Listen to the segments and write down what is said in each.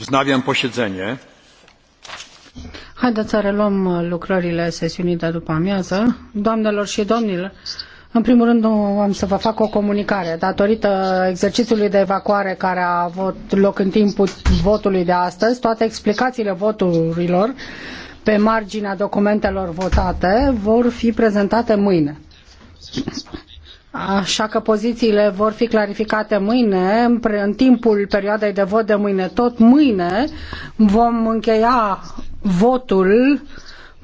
Wznawiam posiedzenie. Haideți să reluăm uh, lucrările sesiunii de după amiază. Doamnelor și domnilor, în primul rând am să vă fac o comunicare. Datorită exercițiului de evacuare care a avut loc în timpul votului de astăzi, toate explicațiile voturilor pe marginea documentelor votate vor fi prezentate mâine. Așa că pozițiile vor fi clarificate mâine, în timpul perioadei de vot de mâine. Tot mâine vom încheia votul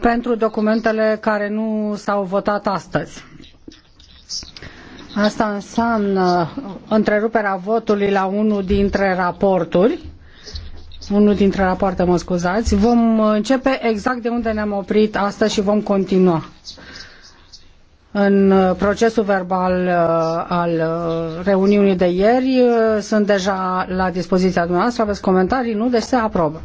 pentru documentele care nu s-au votat astăzi. Asta înseamnă întreruperea votului la unul dintre raporturi. Unul dintre rapoarte, mă scuzați. Vom începe exact de unde ne-am oprit astăzi și vom continua în uh, procesul verbal uh, al uh, reuniunii de ieri. Sunt deja la dispoziția dumneavoastră, aveți comentarii, nu? Deci se aprobă.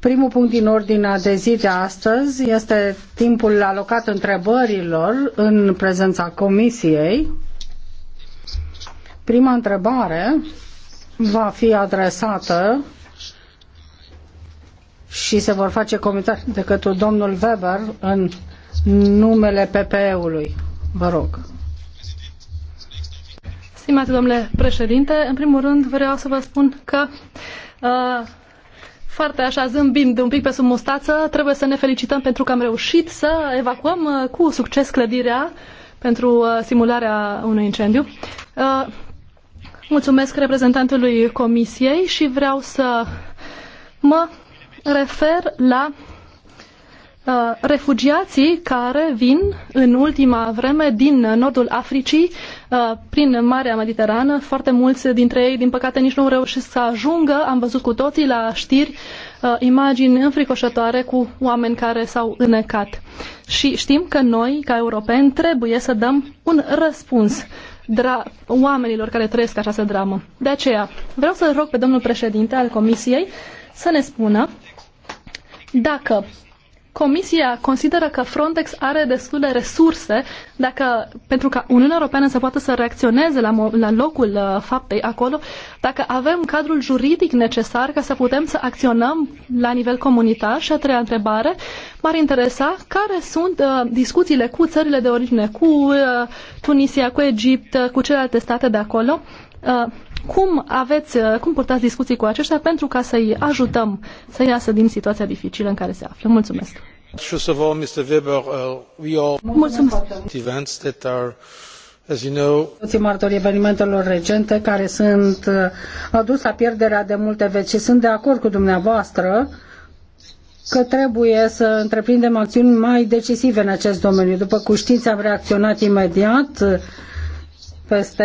Primul punct din ordinea de zi de astăzi este timpul alocat întrebărilor în prezența comisiei. Prima întrebare va fi adresată și se vor face comentarii de către domnul Weber în numele PPE-ului. Vă rog. Stimate domnule președinte, în primul rând vreau să vă spun că uh, foarte așa zâmbind un pic pe sub mustață, trebuie să ne felicităm pentru că am reușit să evacuăm uh, cu succes clădirea pentru uh, simularea unui incendiu. Uh, mulțumesc reprezentantului comisiei și vreau să mă refer la uh, refugiații care vin în ultima vreme din nordul Africii, uh, prin Marea Mediterană. Foarte mulți dintre ei, din păcate, nici nu reușesc să ajungă. Am văzut cu toții la știri uh, imagini înfricoșătoare cu oameni care s-au înecat. Și știm că noi, ca europeni, trebuie să dăm un răspuns dra- oamenilor care trăiesc această dramă. De aceea, vreau să rog pe domnul președinte al Comisiei să ne spună dacă Comisia consideră că Frontex are destule resurse dacă, pentru ca Uniunea Europeană să poată să reacționeze la, la locul uh, faptei acolo, dacă avem cadrul juridic necesar ca să putem să acționăm la nivel comunitar. Și a treia întrebare, m-ar interesa care sunt uh, discuțiile cu țările de origine, cu uh, Tunisia, cu Egipt, uh, cu celelalte state de acolo. Uh, cum, aveți, uh, cum purtați discuții cu aceștia pentru ca să-i ajutăm să iasă din situația dificilă în care se află? Mulțumesc! First of all, Mr. Weber, uh, we all Mulțumesc. events that are toți martorii evenimentelor recente care sunt uh, adus la pierderea de multe veci și sunt de acord cu dumneavoastră că trebuie să întreprindem acțiuni mai decisive în acest domeniu. După cuștiință am reacționat imediat uh, peste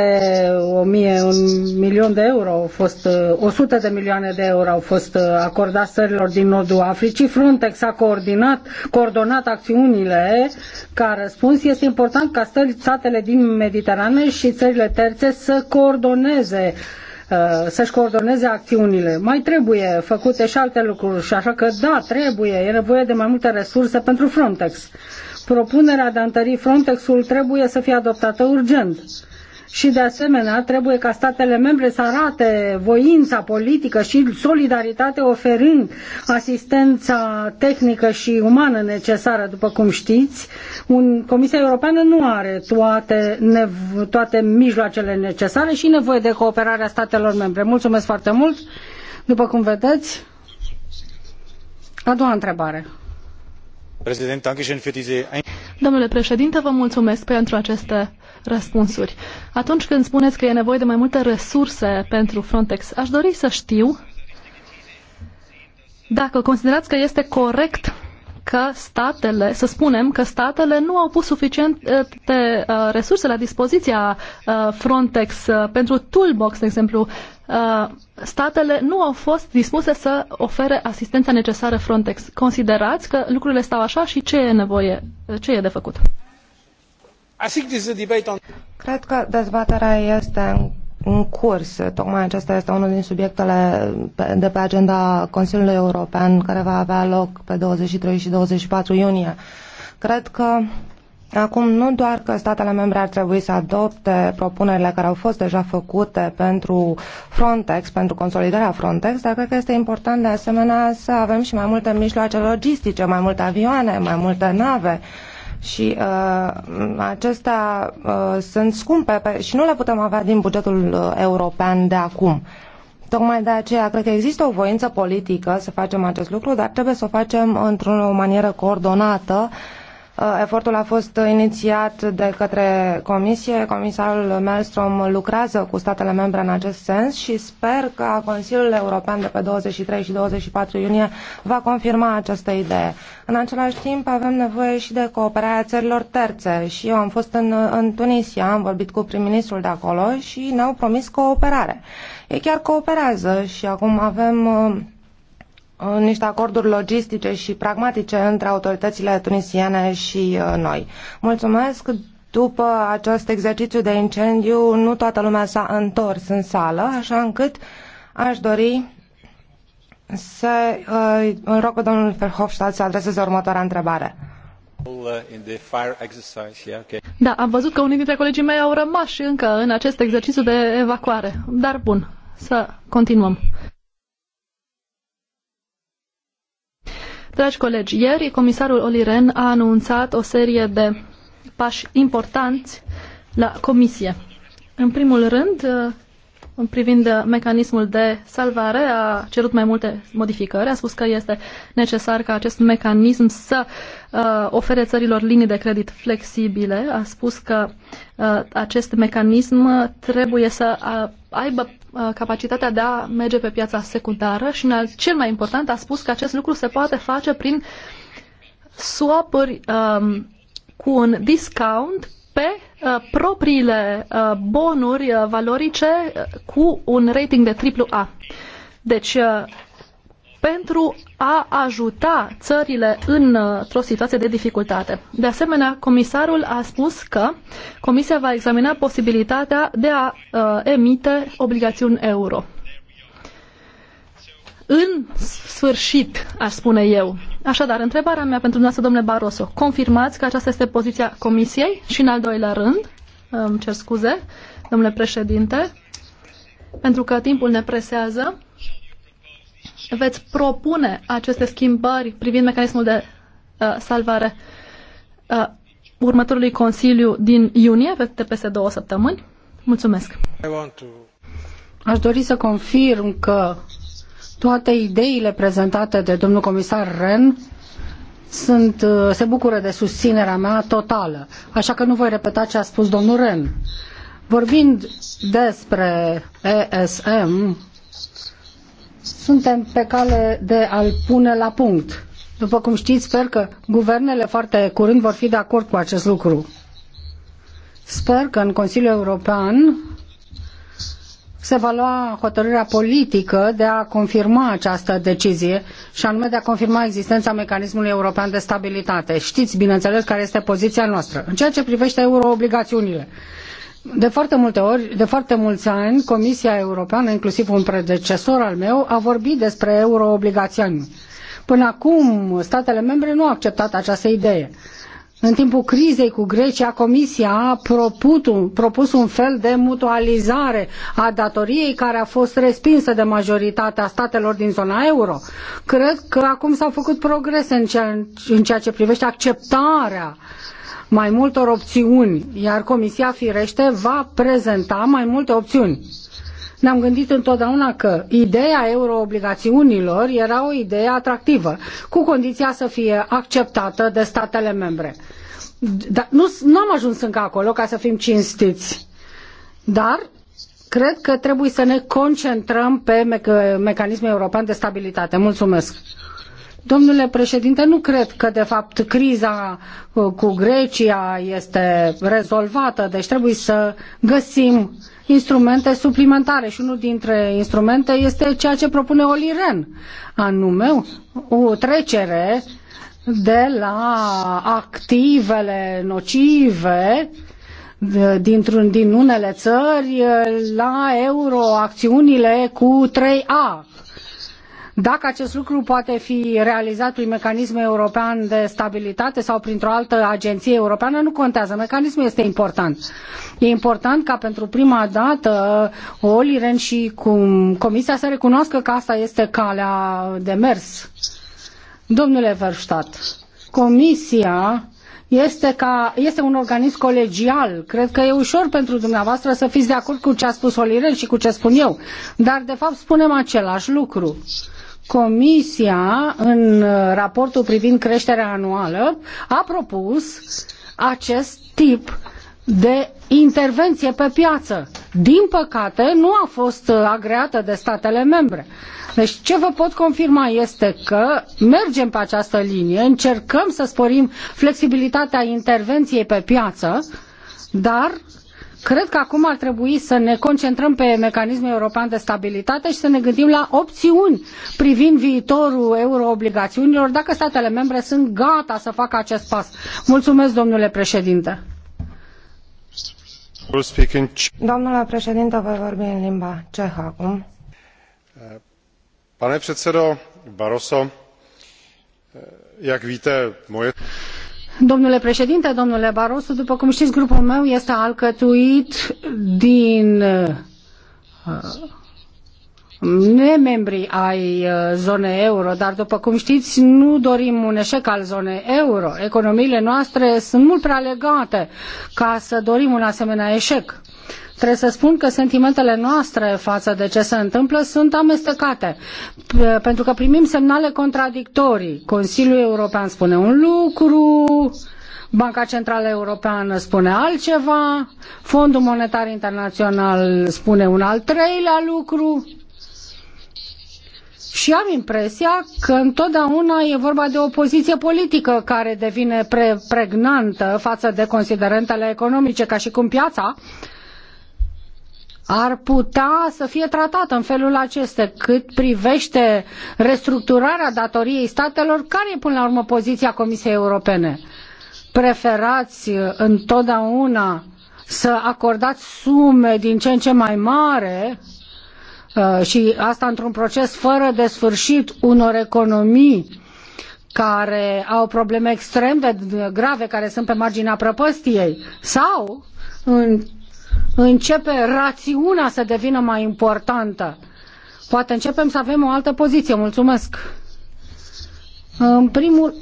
1000, un milion de euro au fost, 100 uh, de milioane de euro au fost uh, acordați țărilor din nordul Africii. Frontex a coordonat, coordonat acțiunile ca răspuns. Este important ca statele din Mediterană și țările terțe să coordoneze uh, să-și coordoneze acțiunile. Mai trebuie făcute și alte lucruri și așa că da, trebuie, e nevoie de mai multe resurse pentru Frontex. Propunerea de a întări Frontexul trebuie să fie adoptată urgent și de asemenea trebuie ca statele membre să arate voința politică și solidaritate oferind asistența tehnică și umană necesară, după cum știți. Un, Comisia Europeană nu are toate, toate mijloacele necesare și nevoie de cooperarea statelor membre. Mulțumesc foarte mult! După cum vedeți, a doua întrebare. President, Domnule președinte, vă mulțumesc pentru aceste răspunsuri. Atunci când spuneți că e nevoie de mai multe resurse pentru Frontex, aș dori să știu dacă considerați că este corect că statele, să spunem că statele nu au pus suficiente uh, resurse la dispoziția uh, Frontex uh, pentru toolbox, de exemplu, Uh, statele nu au fost dispuse să ofere asistența necesară Frontex. Considerați că lucrurile stau așa și ce e nevoie, ce e de făcut? Cred că dezbaterea este în curs. Tocmai acesta este unul din subiectele de pe agenda Consiliului European care va avea loc pe 23 și 24 iunie. Cred că Acum, nu doar că statele membre ar trebui să adopte propunerile care au fost deja făcute pentru Frontex, pentru consolidarea Frontex, dar cred că este important de asemenea să avem și mai multe mijloace logistice, mai multe avioane, mai multe nave. Și uh, acestea uh, sunt scumpe pe, și nu le putem avea din bugetul uh, european de acum. Tocmai de aceea cred că există o voință politică să facem acest lucru, dar trebuie să o facem într-o manieră coordonată uh, Uh, efortul a fost inițiat de către Comisie. Comisarul Malmström lucrează cu statele membre în acest sens și sper că Consiliul European de pe 23 și 24 iunie va confirma această idee. În același timp avem nevoie și de cooperarea țărilor terțe și eu am fost în, în Tunisia, am vorbit cu prim-ministrul de acolo și ne-au promis cooperare. Ei chiar cooperează și acum avem uh, Uh, niște acorduri logistice și pragmatice între autoritățile tunisiene și uh, noi. Mulțumesc! După acest exercițiu de incendiu, nu toată lumea s-a întors în sală, așa încât aș dori să uh, îl rog pe domnul Verhofstadt să adreseze următoarea întrebare. Da, am văzut că unii dintre colegii mei au rămas și încă în acest exercițiu de evacuare. Dar bun, să continuăm. Dragi colegi, ieri comisarul Oli Rehn a anunțat o serie de pași importanți la comisie. În primul rând, privind mecanismul de salvare a cerut mai multe modificări. A spus că este necesar ca acest mecanism să uh, ofere țărilor linii de credit flexibile. A spus că uh, acest mecanism trebuie să uh, aibă uh, capacitatea de a merge pe piața secundară și, în al, cel mai important, a spus că acest lucru se poate face prin swap-uri um, cu un discount pe uh, propriile uh, bonuri uh, valorice cu un rating de AAA. Deci, pentru a ajuta țările într-o situație de dificultate. De asemenea, comisarul a spus că Comisia va examina posibilitatea de a emite obligațiuni euro în sfârșit, aș spune eu. Așadar, întrebarea mea pentru dumneavoastră, domnule Barroso, confirmați că aceasta este poziția Comisiei și, în al doilea rând, îmi cer scuze, domnule președinte, pentru că timpul ne presează, veți propune aceste schimbări privind mecanismul de uh, salvare uh, următorului Consiliu din iunie, de peste două săptămâni? Mulțumesc! Aș dori să confirm că toate ideile prezentate de domnul comisar Ren sunt, uh, se bucură de susținerea mea totală, așa că nu voi repeta ce a spus domnul Ren. Vorbind despre ESM, suntem pe cale de a-l pune la punct. După cum știți, sper că guvernele foarte curând vor fi de acord cu acest lucru. Sper că în Consiliul European se va lua hotărârea politică de a confirma această decizie și anume de a confirma existența mecanismului european de stabilitate. Știți, bineînțeles, care este poziția noastră. În ceea ce privește euroobligațiunile, de foarte multe ori, de foarte mulți ani, Comisia Europeană, inclusiv un predecesor al meu, a vorbit despre euroobligațiuni. Până acum, statele membre nu au acceptat această idee. În timpul crizei cu Grecia, Comisia a propus un, propus un fel de mutualizare a datoriei care a fost respinsă de majoritatea statelor din zona euro. Cred că acum s-au făcut progrese în ceea, în ceea ce privește acceptarea mai multor opțiuni, iar Comisia, firește, va prezenta mai multe opțiuni. Ne-am gândit întotdeauna că ideea euroobligațiunilor era o idee atractivă, cu condiția să fie acceptată de statele membre. Da, nu, nu am ajuns încă acolo ca să fim cinstiți. Dar cred că trebuie să ne concentrăm pe me- mecanismul european de stabilitate. Mulțumesc. Domnule președinte, nu cred că de fapt criza uh, cu Grecia este rezolvată, deci trebuie să găsim instrumente suplimentare și unul dintre instrumente este ceea ce propune Oli anume o trecere de la activele nocive dintr-un, din unele țări la euroacțiunile cu 3A. Dacă acest lucru poate fi realizat prin mecanismul european de stabilitate sau printr-o altă agenție europeană, nu contează. Mecanismul este important. E important ca pentru prima dată Oliren și Comisia să recunoască că asta este calea de mers. Uh, Domnule Verstat, Comisia este, ca, este un organism colegial. Cred că e ușor pentru dumneavoastră să fiți de acord cu ce a spus Olirel și cu ce spun eu. Dar, de fapt, spunem același lucru. Comisia, în raportul privind creșterea anuală, a propus acest tip de intervenție pe piață din păcate, nu a fost uh, agreată de statele membre. Deci ce vă pot confirma este că mergem pe această linie, încercăm să sporim flexibilitatea intervenției pe piață, dar cred că acum ar trebui să ne concentrăm pe mecanismul european de stabilitate și să ne gândim la opțiuni privind viitorul euroobligațiunilor, dacă statele membre sunt gata să facă acest pas. Mulțumesc, domnule președinte. Domnule președinte, voi vorbi în limba cehă acum. Pane předsedo Barroso, jak víte, moje... Domnule președinte, domnule Barroso, după cum știți, grupul meu este alcătuit din uh, nemembri ai uh, zonei euro, dar după cum știți, nu dorim un eșec al zonei euro. Economiile noastre sunt mult prea legate ca să dorim un asemenea eșec. Trebuie să spun că sentimentele noastre față de ce se întâmplă sunt amestecate, pentru că primim semnale contradictorii. Consiliul European spune un lucru, Banca Centrală Europeană spune altceva, Fondul Monetar Internațional spune un al treilea lucru și am impresia că întotdeauna e vorba de o poziție politică care devine pre- pregnantă față de considerentele economice, ca și cum piața ar putea să fie tratată în felul acesta cât privește restructurarea datoriei statelor, care e până la urmă poziția Comisiei Europene. Preferați întotdeauna să acordați sume din ce în ce mai mare Uh, și asta într-un proces fără de sfârșit unor economii care au probleme extrem de grave, care sunt pe marginea prăpăstiei, sau în, începe rațiunea să devină mai importantă. Poate începem să avem o altă poziție. Mulțumesc! În primul,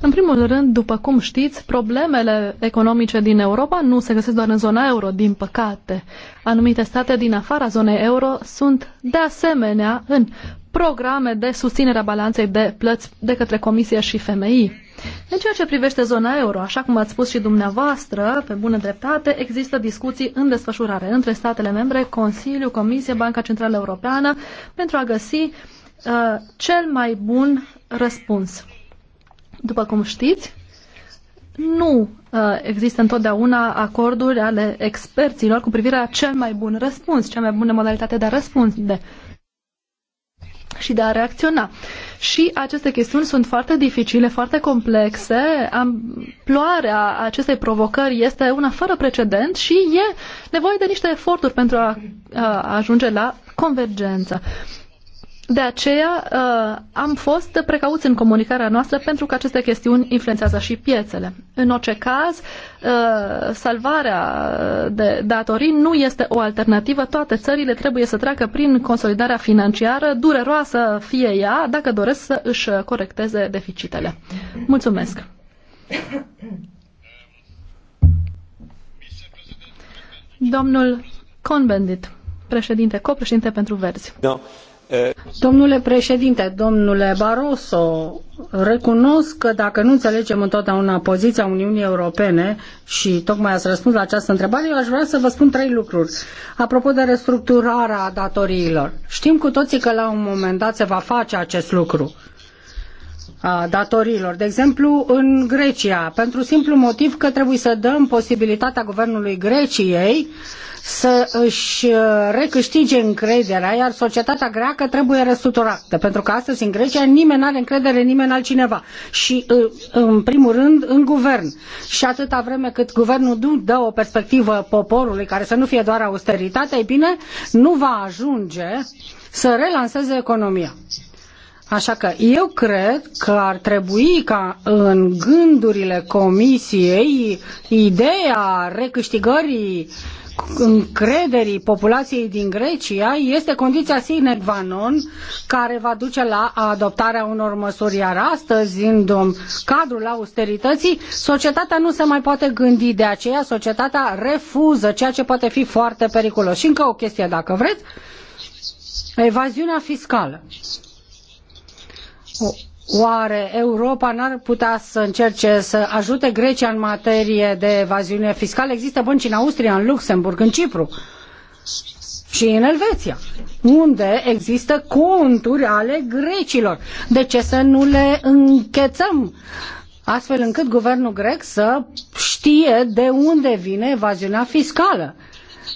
în primul rând, după cum știți, problemele economice din Europa nu se găsesc doar în zona euro, din păcate. Anumite state din afara zonei euro sunt de asemenea în programe de susținere a balanței de plăți de către Comisie și FMI. În ceea ce privește zona euro, așa cum ați spus și dumneavoastră, pe bună dreptate, există discuții în desfășurare între statele membre, Consiliu, Comisie, Banca Centrală Europeană pentru a găsi uh, Uh, cel mai bun răspuns. După cum știți, nu uh, există întotdeauna acorduri ale experților cu privire la cel mai bun răspuns, cea mai bună modalitate de a răspunde și de a reacționa. Și aceste chestiuni sunt foarte dificile, foarte complexe. Amploarea acestei provocări este una fără precedent și e nevoie de niște eforturi pentru a, a ajunge la convergență. De aceea uh, am fost precauți în comunicarea noastră pentru că aceste chestiuni influențează și piețele. În orice caz, uh, salvarea de datorii nu este o alternativă. Toate țările trebuie să treacă prin consolidarea financiară, dureroasă fie ea, dacă doresc să își corecteze deficitele. Mulțumesc! Domnul Conbendit, președinte, copreședinte pentru Verzi. No. Da. Domnule președinte, domnule Barroso, recunosc că dacă nu înțelegem întotdeauna poziția Uniunii Europene și tocmai ați răspuns la această întrebare, eu aș vrea să vă spun trei lucruri. Apropo de restructurarea datoriilor, știm cu toții că la un moment dat se va face acest lucru a datoriilor. De exemplu, în Grecia, pentru simplu motiv că trebuie să dăm posibilitatea guvernului Greciei să își uh, recâștige încrederea, iar societatea greacă trebuie restructurată, pentru că astăzi în Grecia nimeni nu are încredere în nimeni altcineva și uh, în primul rând în guvern. Și atâta vreme cât guvernul nu dă o perspectivă poporului care să nu fie doar austeritate, ei bine, nu va ajunge să relanseze economia. Așa că eu cred că ar trebui ca în gândurile comisiei ideea recâștigării încrederii populației din Grecia este condiția sine qua non care va duce la adoptarea unor măsuri, iar astăzi, în cadrul austerității, societatea nu se mai poate gândi, de aceea societatea refuză, ceea ce poate fi foarte periculos. Și încă o chestie, dacă vreți, evaziunea fiscală. O Oare Europa n-ar putea să încerce să ajute Grecia în materie de evaziune fiscală? Există bănci în Austria, în Luxemburg, în Cipru și în Elveția, unde există conturi ale grecilor. De ce să nu le închețăm? Astfel încât guvernul grec să știe de unde vine evaziunea fiscală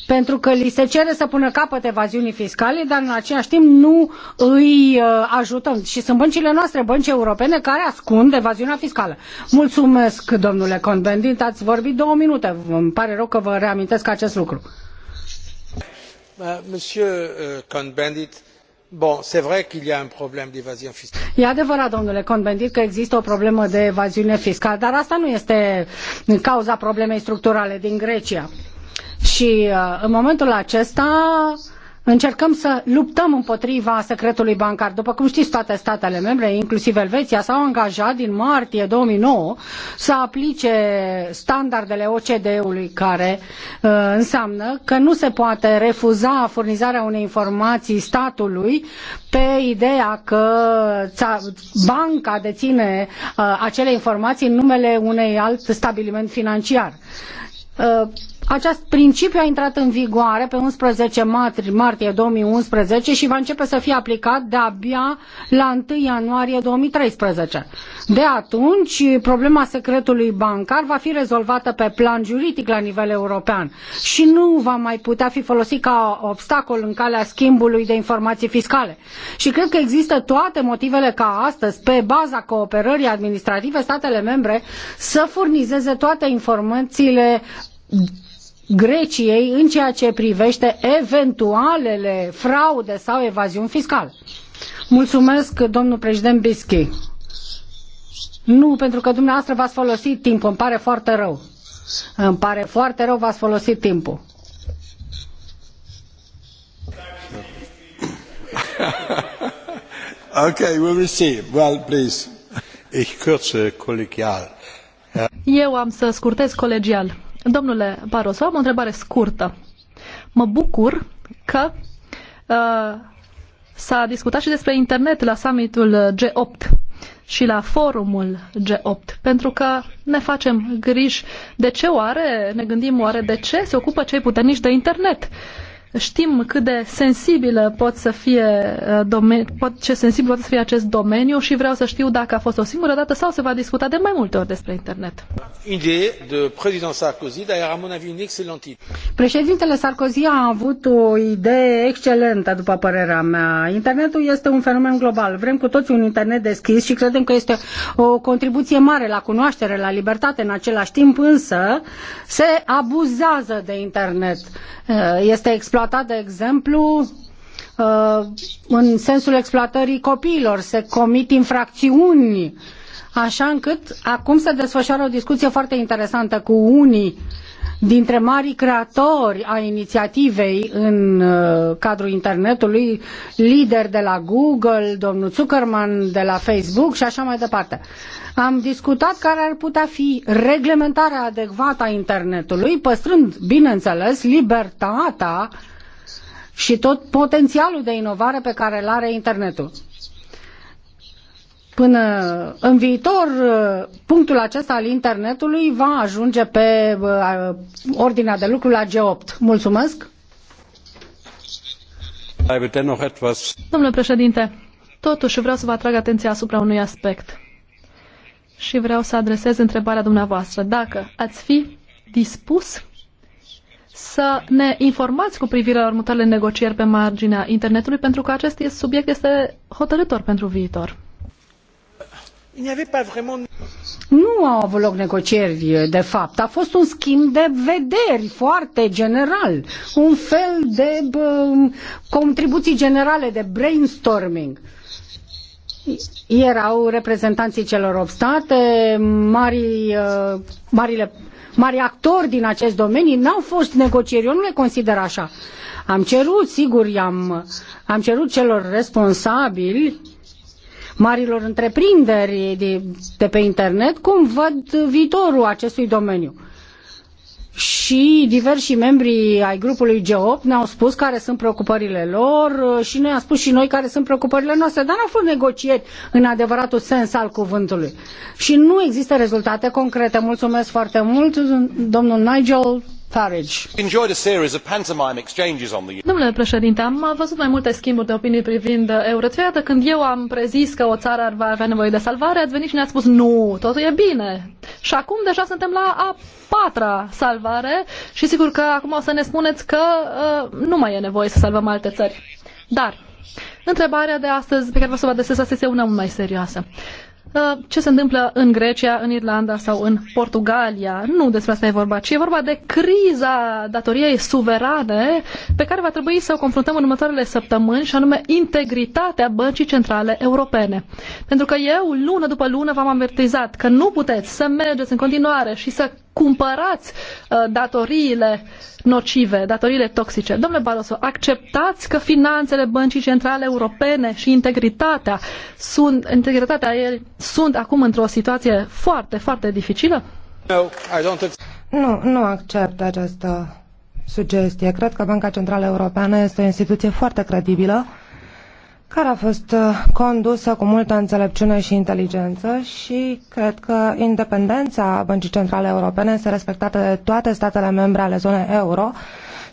pentru că li se cere să pună capăt evaziunii fiscale, dar în același timp nu îi uh, ajutăm. Și sunt băncile noastre, bănci europene, care ascund evaziunea fiscală. Mulțumesc, domnule Convendit, ați vorbit două minute. Îmi pare rău că vă reamintesc acest lucru. Uh, monsieur uh, cohn Bon, vrai y a un e adevărat, domnule Cohn-Bendit, că există o problemă de evaziune fiscală, dar asta nu este cauza problemei structurale din Grecia și uh, în momentul acesta încercăm să luptăm împotriva secretului bancar. După cum știți, toate statele membre, inclusiv Elveția, s-au angajat din martie 2009 să aplice standardele OCDE-ului, care uh, înseamnă că nu se poate refuza furnizarea unei informații statului pe ideea că banca deține uh, acele informații în numele unei alt stabiliment financiar. Uh, acest principiu a intrat în vigoare pe 11 martie 2011 și va începe să fie aplicat de-abia la 1 ianuarie 2013. De atunci, problema secretului bancar va fi rezolvată pe plan juridic la nivel european și nu va mai putea fi folosit ca obstacol în calea schimbului de informații fiscale. Și cred că există toate motivele ca astăzi, pe baza cooperării administrative, statele membre să furnizeze toate informațiile Greciei în ceea ce privește eventualele fraude sau evaziuni fiscale. Mulțumesc, domnul președinte Bischi. Nu, pentru că dumneavoastră v-ați folosit timpul, îmi pare foarte rău. Îmi pare foarte rău, v-ați folosit timpul. okay, will Well, please. Ich kürze kollegial. Eu am să scurtez colegial. Domnule Barroso, am o întrebare scurtă. Mă bucur că uh, s-a discutat și despre internet la summitul G8 și la forumul G8, pentru că ne facem griji de ce oare, ne gândim oare de ce se ocupă cei puternici de internet. Uh, Știm cât de sensibilă pot să fie uh, pot, ce sensibil pot să fie acest domeniu și vreau să știu dacă a fost o singură dată sau se va discuta de mai multe ori despre internet. Idee de președinte Sarkozy, dar era, mon un excellent Președintele Sarkozy a avut o idee excelentă, după părerea mea. Internetul este un fenomen global. Vrem cu toții un internet deschis și credem că este o contribuție mare la cunoaștere, la libertate în același timp, însă se abuzează de internet. Eh, este exploatat, de exemplu, eh, în sensul exploatării copiilor, se comit infracțiuni, așa încât acum se desfășoară o discuție foarte interesantă cu unii dintre marii creatori a inițiativei în uh, cadrul internetului, lider de la Google, domnul Zuckerman de la Facebook și așa mai departe. Am discutat care ar putea fi reglementarea adecvată a internetului, păstrând, bineînțeles, libertatea și tot potențialul de inovare pe care îl are internetul până în viitor punctul acesta al internetului va ajunge pe uh, ordinea de lucru la G8. Mulțumesc! Domnule președinte, totuși vreau să vă atrag atenția asupra unui aspect și vreau să adresez întrebarea dumneavoastră. Dacă ați fi dispus să ne informați cu privire la următoarele negocieri pe marginea internetului, pentru că acest subiect este hotărător pentru viitor. Nu au avut loc negocieri, de fapt. A fost un schimb de vederi foarte general. Un fel de bă, contribuții generale, de brainstorming. Erau reprezentanții celor 8 state, mari, ă, marile, mari actori din acest domeniu, n-au fost negocieri, eu nu le consider așa. Am cerut, sigur, am am cerut celor responsabili marilor întreprinderi de, de pe internet, cum văd viitorul acestui domeniu. Și diversi membri ai grupului G8 ne-au spus care sunt preocupările lor și ne-a spus și noi care sunt preocupările noastre, dar nu au fost negocieri în adevăratul sens al cuvântului. Și nu există rezultate concrete. Mulțumesc foarte mult, domnul Nigel Farage. Domnule președinte, am văzut mai multe schimburi de opinii privind euroția. când eu am prezis că o țară va avea nevoie de salvare, ați venit și ne-ați spus nu, totul e bine. Și acum deja suntem la a patra salvare și sigur că acum o să ne spuneți că uh, nu mai e nevoie să salvăm alte țări. Dar întrebarea de astăzi pe care vă să vă adresez astăzi este una mult mai serioasă. Uh, ce se întâmplă în Grecia, în Irlanda sau în Portugalia. Nu despre asta e vorba, ci e vorba de criza datoriei suverane pe care va trebui să o confruntăm în următoarele săptămâni și anume integritatea Băncii Centrale Europene. Pentru că eu, lună după lună, v-am avertizat că nu puteți să mergeți în continuare și să cumpărați uh, datoriile nocive, datoriile toxice. Domnule Barroso, acceptați că finanțele băncii centrale europene și integritatea sunt, integritatea ei sunt acum într-o situație foarte, foarte dificilă? Nu, nu accept această sugestie. Cred că Banca Centrală Europeană este o instituție foarte credibilă care a fost uh, condusă cu multă înțelepciune și inteligență și cred că independența Băncii Centrale Europene este respectată de toate statele membre ale zonei euro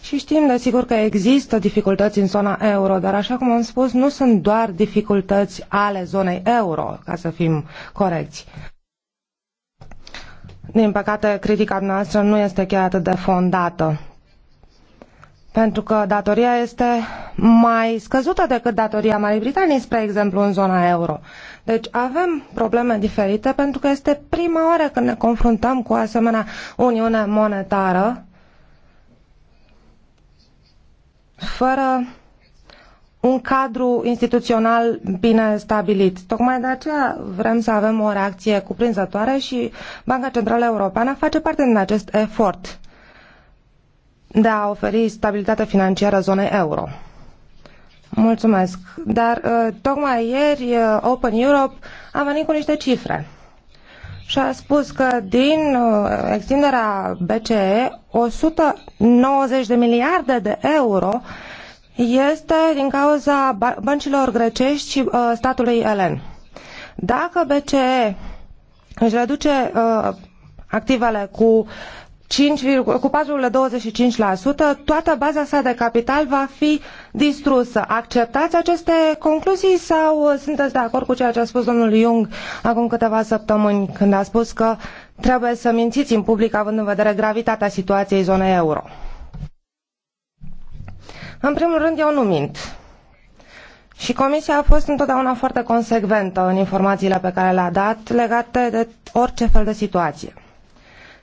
și știm desigur că există dificultăți în zona euro, dar așa cum am spus, nu sunt doar dificultăți ale zonei euro, ca să fim corecți. Din păcate, critica noastră nu este chiar atât de fondată pentru că datoria este mai scăzută decât datoria Marii Britanii, spre exemplu, în zona euro. Deci avem probleme diferite pentru că este prima oară când ne confruntăm cu asemenea uniune monetară fără un cadru instituțional bine stabilit. Tocmai de aceea vrem să avem o reacție cuprinzătoare și Banca Centrală Europeană face parte din acest efort de a oferi stabilitate financiară zonei euro. Mulțumesc. Dar uh, tocmai ieri uh, Open Europe a venit cu niște cifre și a spus că din uh, extinderea BCE 190 de miliarde de euro este din cauza băncilor grecești și statului elen. Dacă BCE își reduce activele cu 5, cu 4,25%, toată baza sa de capital va fi distrusă. Acceptați aceste concluzii sau uh, sunteți de acord cu ceea ce a spus domnul Jung acum câteva săptămâni când a spus că trebuie să mințiți în public având în vedere gravitatea situației zonei euro? În primul rând, eu nu mint. Și Comisia a fost întotdeauna foarte consecventă în informațiile pe care le-a dat legate de orice fel de situație.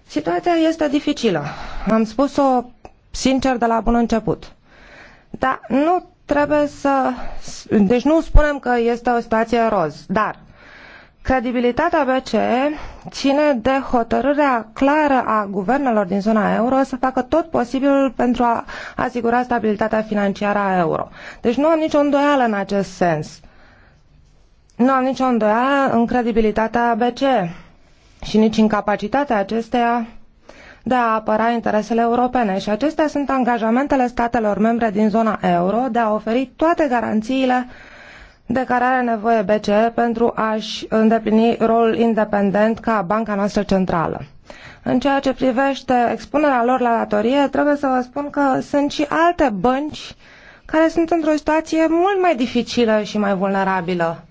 Situația este dificilă. Am spus-o sincer de la bun început. Dar nu trebuie să... Deci nu spunem că este o situație roz, dar credibilitatea BCE ține de hotărârea clară a guvernelor din zona euro să facă tot posibilul pentru a asigura stabilitatea financiară a euro. Deci nu am nicio îndoială în acest sens. Nu am nicio îndoială în credibilitatea BCE și nici incapacitatea acesteia de a apăra interesele europene și acestea sunt angajamentele statelor membre din zona euro de a oferi toate garanțiile de care are nevoie BCE pentru a-și îndeplini rolul independent ca banca noastră centrală. În ceea ce privește expunerea lor la datorie, trebuie să vă spun că sunt și alte bănci care sunt într-o situație mult mai dificilă și mai vulnerabilă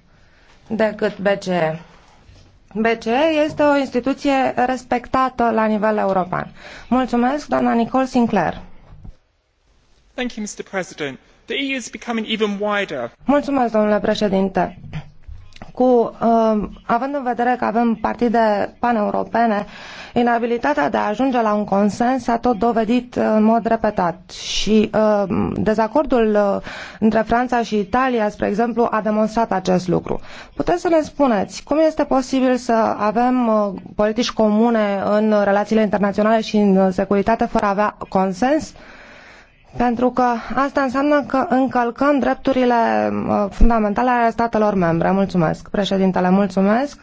decât BCE. BCE este o instituție respectată la nivel european. Mulțumesc, doamna Nicole Sinclair. Thank you, Mr. President. The EU is becoming even wider. Mulțumesc, domnule președinte cu, um, având în vedere că avem partide paneuropene, inabilitatea de a ajunge la un consens s-a tot dovedit uh, în mod repetat și um, dezacordul uh, între Franța și Italia, spre exemplu, a demonstrat acest lucru. Puteți să ne spuneți cum este posibil să avem uh, politici comune în relațiile internaționale și în securitate fără a avea consens? Pentru că asta înseamnă că încălcăm drepturile uh, fundamentale ale statelor membre. Mulțumesc. Președintele, mulțumesc.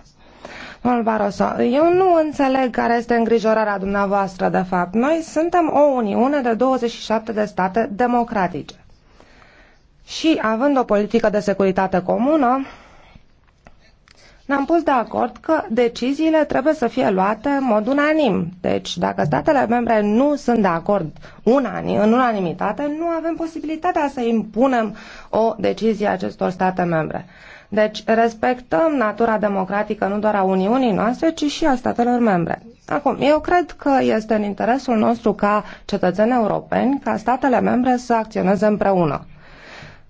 Domnul Barroso, eu nu înțeleg care este îngrijorarea dumneavoastră, de fapt. Noi suntem o uniune de 27 de state democratice. Și având o politică de securitate comună, ne-am pus de acord că deciziile trebuie să fie luate în mod unanim. Deci, dacă statele membre nu sunt de acord unani, în unanimitate, nu avem posibilitatea să impunem o decizie acestor state membre. Deci, respectăm natura democratică nu doar a Uniunii noastre, ci și a statelor membre. Acum, eu cred că este în interesul nostru ca cetățeni europeni ca statele membre să acționeze împreună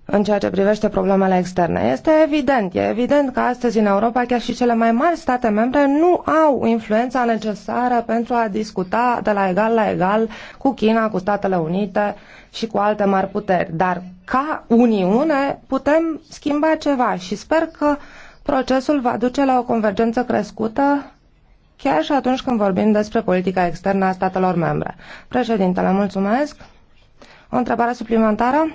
în ceea ce privește problemele externe. Este evident, e evident că astăzi în Europa chiar și cele mai mari state membre nu au influența necesară pentru a discuta de la egal la egal cu China, cu Statele Unite și cu alte mari puteri. Dar ca Uniune putem schimba ceva și sper că procesul va duce la o convergență crescută chiar și atunci când vorbim despre politica externă a statelor membre. Președintele, mulțumesc. O întrebare suplimentară?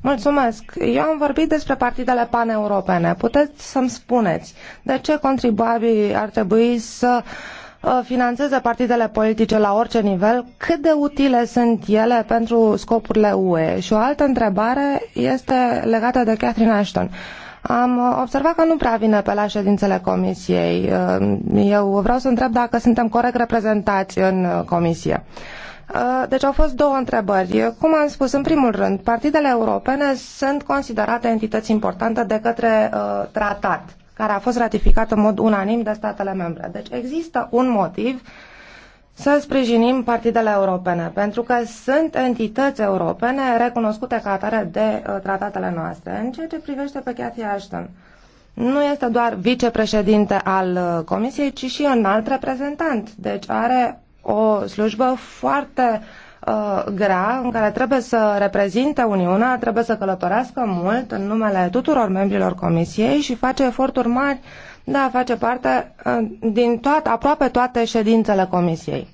Mulțumesc. Eu am vorbit despre partidele paneuropene. Puteți să-mi spuneți de ce contribuabilii ar trebui să uh, financeze partidele politice la orice nivel, cât de utile sunt ele pentru scopurile UE? Și o altă întrebare este legată de Catherine Ashton. Am uh, observat că nu prea vine pe la ședințele comisiei. Uh, eu vreau să întreb dacă suntem corect reprezentați în comisie. Uh, deci au fost două întrebări. Cum am spus, în primul rând, partidele europene sunt considerate entități importante de către uh, tratat, care a fost ratificat în mod unanim de statele membre. Deci există un motiv să sprijinim partidele europene, pentru că sunt entități europene recunoscute ca atare de uh, tratatele noastre. În ceea ce privește pe Cathy Ashton, nu este doar vicepreședinte al uh, Comisiei, ci și un alt reprezentant. Deci are o slujbă foarte uh, grea în care trebuie să reprezinte Uniunea, trebuie să călătorească mult în numele tuturor membrilor Comisiei și face eforturi mari de a face parte uh, din toate, aproape toate ședințele Comisiei.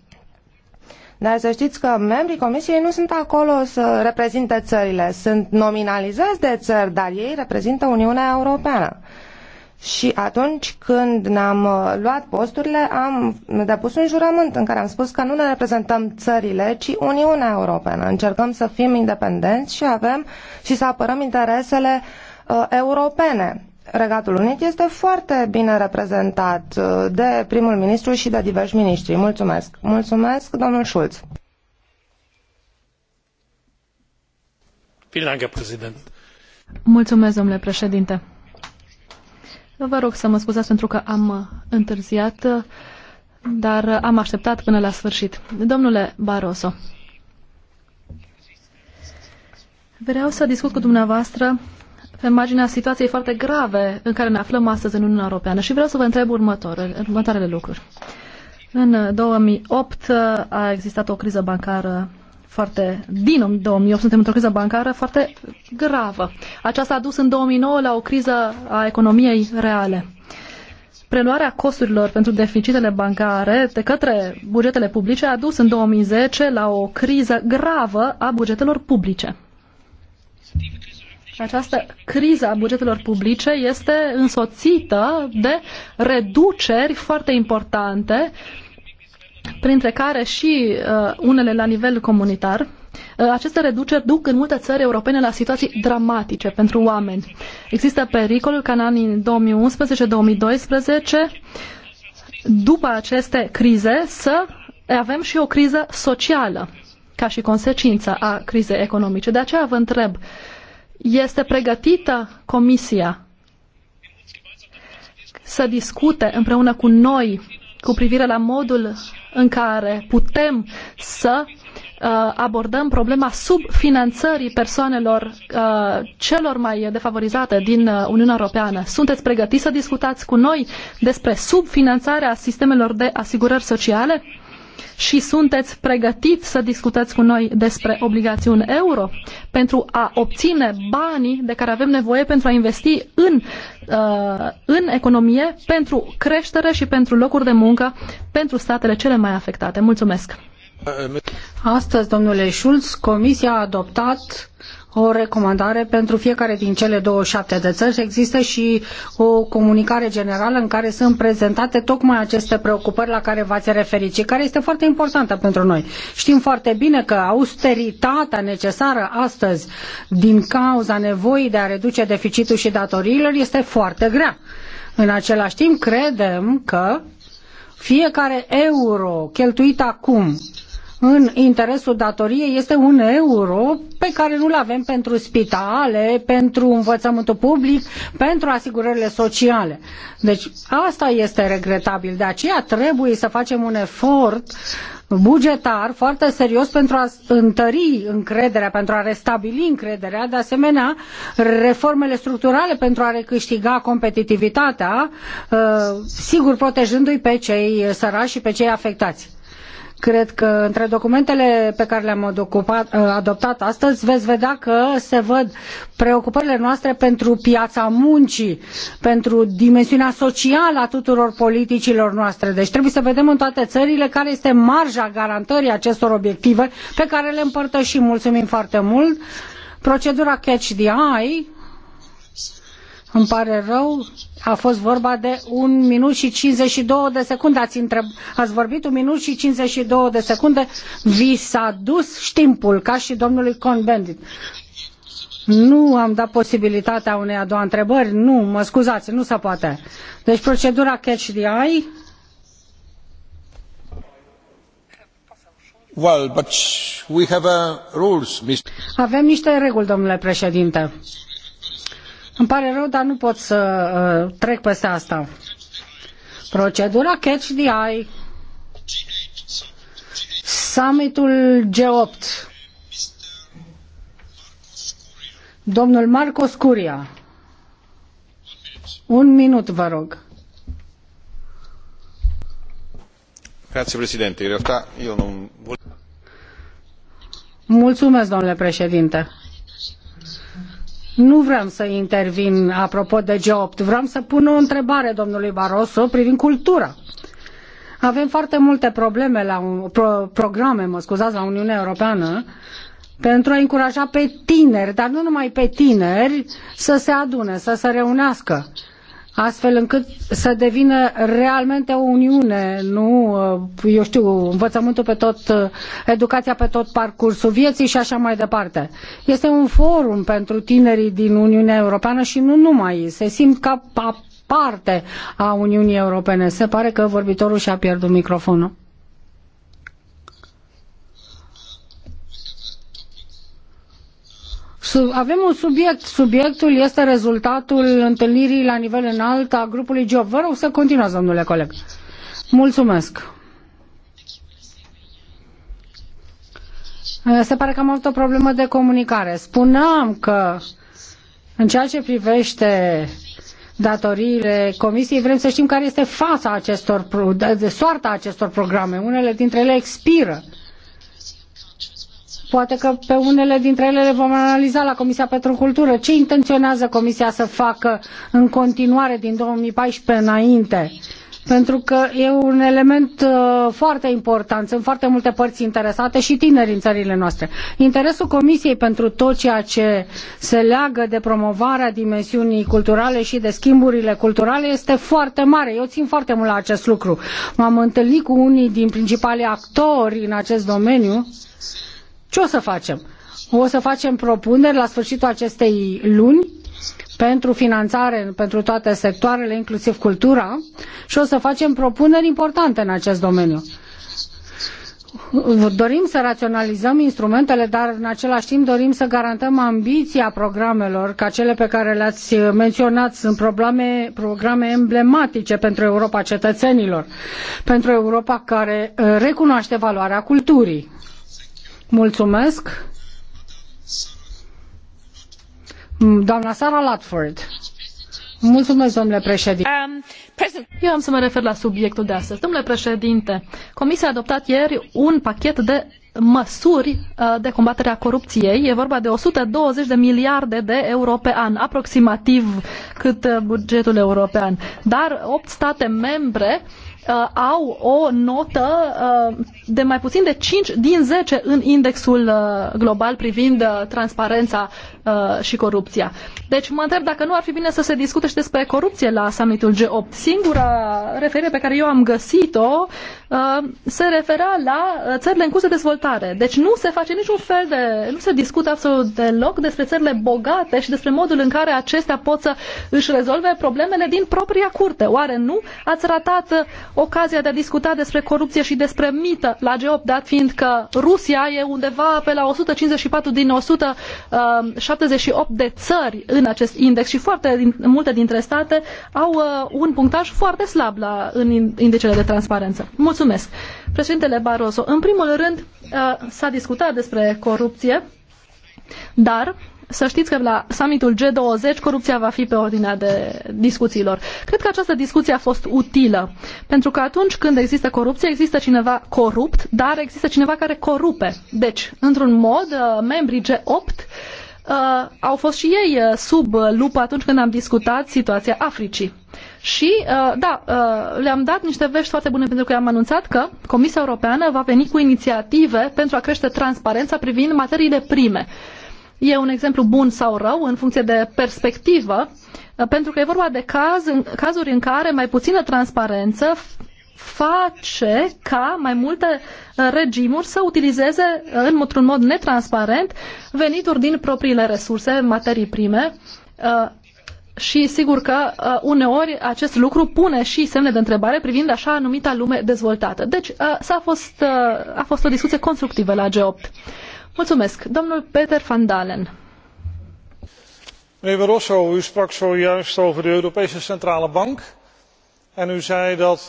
Dar să știți că membrii Comisiei nu sunt acolo să reprezinte țările, sunt nominalizați de țări, dar ei reprezintă Uniunea Europeană. Uh, și atunci când ne-am uh, luat posturile, am depus un jurământ în care am spus că nu ne reprezentăm țările, ci Uniunea Europeană. Încercăm să fim independenți și avem și să apărăm interesele uh, europene. Regatul Unit este foarte bine reprezentat uh, de primul ministru și de diversi miniștri. Mulțumesc. Mulțumesc, domnul Schulz. Mulțumesc, domnule președinte. Vă rog să mă scuzați pentru că am uh, întârziat, uh, dar uh, am așteptat până la sfârșit. Domnule Barroso, vreau să discut cu dumneavoastră pe marginea situației foarte grave în care ne aflăm astăzi în Uniunea Europeană și vreau să vă întreb următoarele, următoarele lucruri. În 2008 a existat o criză bancară foarte din 2008 suntem într-o criză bancară foarte gravă. Aceasta a dus în 2009 la o criză a economiei reale. Preluarea costurilor pentru deficitele bancare de către bugetele publice a dus în 2010 la o criză gravă a bugetelor publice. Această criză a bugetelor publice este însoțită de reduceri foarte importante uh, printre care și uh, unele la nivel comunitar. Uh, aceste reduceri duc în multe țări europene la situații dramatice pentru oameni. Există pericolul ca în anii 2011-2012, după aceste crize, să avem și o criză socială ca și consecință a crizei economice. De aceea vă întreb, este pregătită Comisia să discute împreună cu noi cu privire la modul în care putem să uh, abordăm problema subfinanțării persoanelor uh, celor mai defavorizate din uh, Uniunea Europeană. Sunteți pregătiți să discutați cu noi despre subfinanțarea sistemelor de asigurări sociale? și sunteți pregătiți să discutați cu noi despre obligațiuni euro pentru a obține banii de care avem nevoie pentru a investi în, uh, în economie, pentru creștere și pentru locuri de muncă pentru statele cele mai afectate. Mulțumesc! Uh, Astăzi, domnule Schulz, Comisia a adoptat o recomandare pentru fiecare din cele 27 de țări. Există și o comunicare generală în care sunt prezentate tocmai aceste preocupări la care v-ați referit și care este foarte importantă pentru noi. Știm foarte bine că austeritatea necesară astăzi din cauza nevoii de a reduce deficitul și datoriilor este foarte grea. În același timp, credem că fiecare euro cheltuit acum în interesul datoriei este un euro pe care nu-l avem pentru spitale, pentru învățământul public, pentru asigurările sociale. Deci asta este regretabil. De aceea trebuie să facem un efort bugetar foarte serios pentru a întări încrederea, pentru a restabili încrederea, de asemenea reformele structurale pentru a recâștiga competitivitatea, uh, sigur protejându-i pe cei săraci și pe cei afectați. Cred că între documentele pe care le-am uh, adoptat astăzi veți vedea că se văd preocupările noastre pentru piața muncii, pentru dimensiunea socială a tuturor politicilor noastre. Deci trebuie să vedem în toate țările care este marja garantării acestor obiective pe care le împărtășim. Mulțumim foarte mult! Procedura Catch the Eye îmi pare rău, a fost vorba de 1 minut și 52 de secunde. Ați, între, ați vorbit 1 minut și 52 de secunde. Vi s-a dus timpul, ca și domnului Convendit. Nu am dat posibilitatea unei a doua întrebări. Nu, mă scuzați, nu se poate. Deci procedura catch the eye. Well, but we have a rules, Mr. Avem niște reguli, domnule președinte. Îmi pare rău, dar nu pot să uh, trec peste asta. Procedura Catch the Eye. Summitul G8. Domnul Marcos Curia. Un minut, vă rog. Grazie, realtà Mulțumesc, domnule președinte. Nu vreau să intervin apropo de G8. Vreau să pun o întrebare domnului Barroso privind cultura. Avem foarte multe probleme la un, pro, programe, mă scuzați, la Uniunea Europeană pentru a încuraja pe tineri, dar nu numai pe tineri, să se adune, să se reunească astfel încât să devină realmente o uniune, nu, uh, eu știu, învățământul pe tot, uh, educația pe tot parcursul vieții și așa mai departe. Este un forum pentru tinerii din Uniunea Europeană și nu numai, se simt ca parte a Uniunii Europene. Se pare că vorbitorul și-a pierdut microfonul. avem un subiect. Subiectul este rezultatul întâlnirii la nivel înalt a grupului Job. Vă rog să continuați, domnule coleg. Mulțumesc. Se pare că am avut o problemă de comunicare. Spuneam că în ceea ce privește datoriile comisiei, vrem să știm care este fața acestor, soarta acestor programe. Unele dintre ele expiră. Uh, Poate că pe unele dintre ele le vom analiza la Comisia pentru Cultură. Ce intenționează Comisia să facă în continuare din 2014 înainte? Pentru că e un element uh, foarte important. Sunt foarte multe părți interesate și tineri în țările noastre. Interesul Comisiei pentru tot ceea ce se leagă de promovarea dimensiunii culturale și de schimburile culturale este foarte mare. Eu țin foarte mult la acest lucru. M-am întâlnit cu unii din principalii actori în acest domeniu uh, ce o să facem? O să facem propuneri la sfârșitul acestei luni pentru finanțare pentru toate sectoarele, inclusiv cultura, și o să facem propuneri importante în acest domeniu. Dorim să raționalizăm instrumentele, dar în același timp dorim să garantăm ambiția programelor, ca cele pe care le-ați menționat sunt programe, programe emblematice pentru Europa cetățenilor, pentru Europa care uh, recunoaște valoarea culturii. Mulțumesc. Doamna Sara Latford. Mulțumesc, domnule președinte. Um, Eu am să mă refer la subiectul de astăzi. Domnule președinte, Comisia a adoptat ieri un pachet de măsuri uh, de combatere a corupției. E vorba de 120 de miliarde de euro pe an, aproximativ cât uh, bugetul european. Dar opt state membre uh, uh, au o notă uh, de mai puțin de 5 din 10 în indexul uh, global privind uh, transparența uh, și corupția. Deci mă întreb dacă nu ar fi bine să se discute și despre corupție la summitul G8. Singura referire pe care eu am găsit-o Uh, se refera la uh, țările în curs de dezvoltare. Deci nu se face niciun fel de... nu se discută absolut deloc despre țările bogate și despre modul în care acestea pot să își rezolve problemele din propria curte. Oare nu ați ratat uh, ocazia de a discuta despre corupție și despre mită la G8, dat fiind că Rusia e undeva pe la 154 din 178 de țări în acest index și foarte multe dintre state au un punctaj foarte slab la, în indicele de transparență. Mulțumesc! Mulțumesc. Președintele Barroso, în primul rând uh, s-a discutat despre corupție, dar să știți că la summitul G20 corupția va fi pe ordinea de discuțiilor. Cred că această discuție a fost utilă, pentru că atunci când există corupție, există cineva corupt, dar există cineva care corupe. Deci, într-un mod, uh, membrii G8 uh, au fost și ei sub lupă atunci când am discutat situația Africii. Și, uh, da, uh, le-am dat niște vești foarte bune pentru că am anunțat că Comisia Europeană va veni cu inițiative pentru a crește transparența privind materiile prime. E un exemplu bun sau rău în funcție de perspectivă, uh, pentru că e vorba de caz, cazuri în care mai puțină transparență face ca mai multe regimuri să utilizeze într-un mod netransparent venituri din propriile resurse, materii prime, și sigur că uh, uneori acest lucru pune și semne de întrebare privind așa numita lume dezvoltată. Deci uh, s-a fost, uh, a fost o discuție constructivă la G8. Mulțumesc. Domnul Peter van Dalen. Meneer Barroso, u sprak zojuist over de Europese Centrale Bank en u zei dat...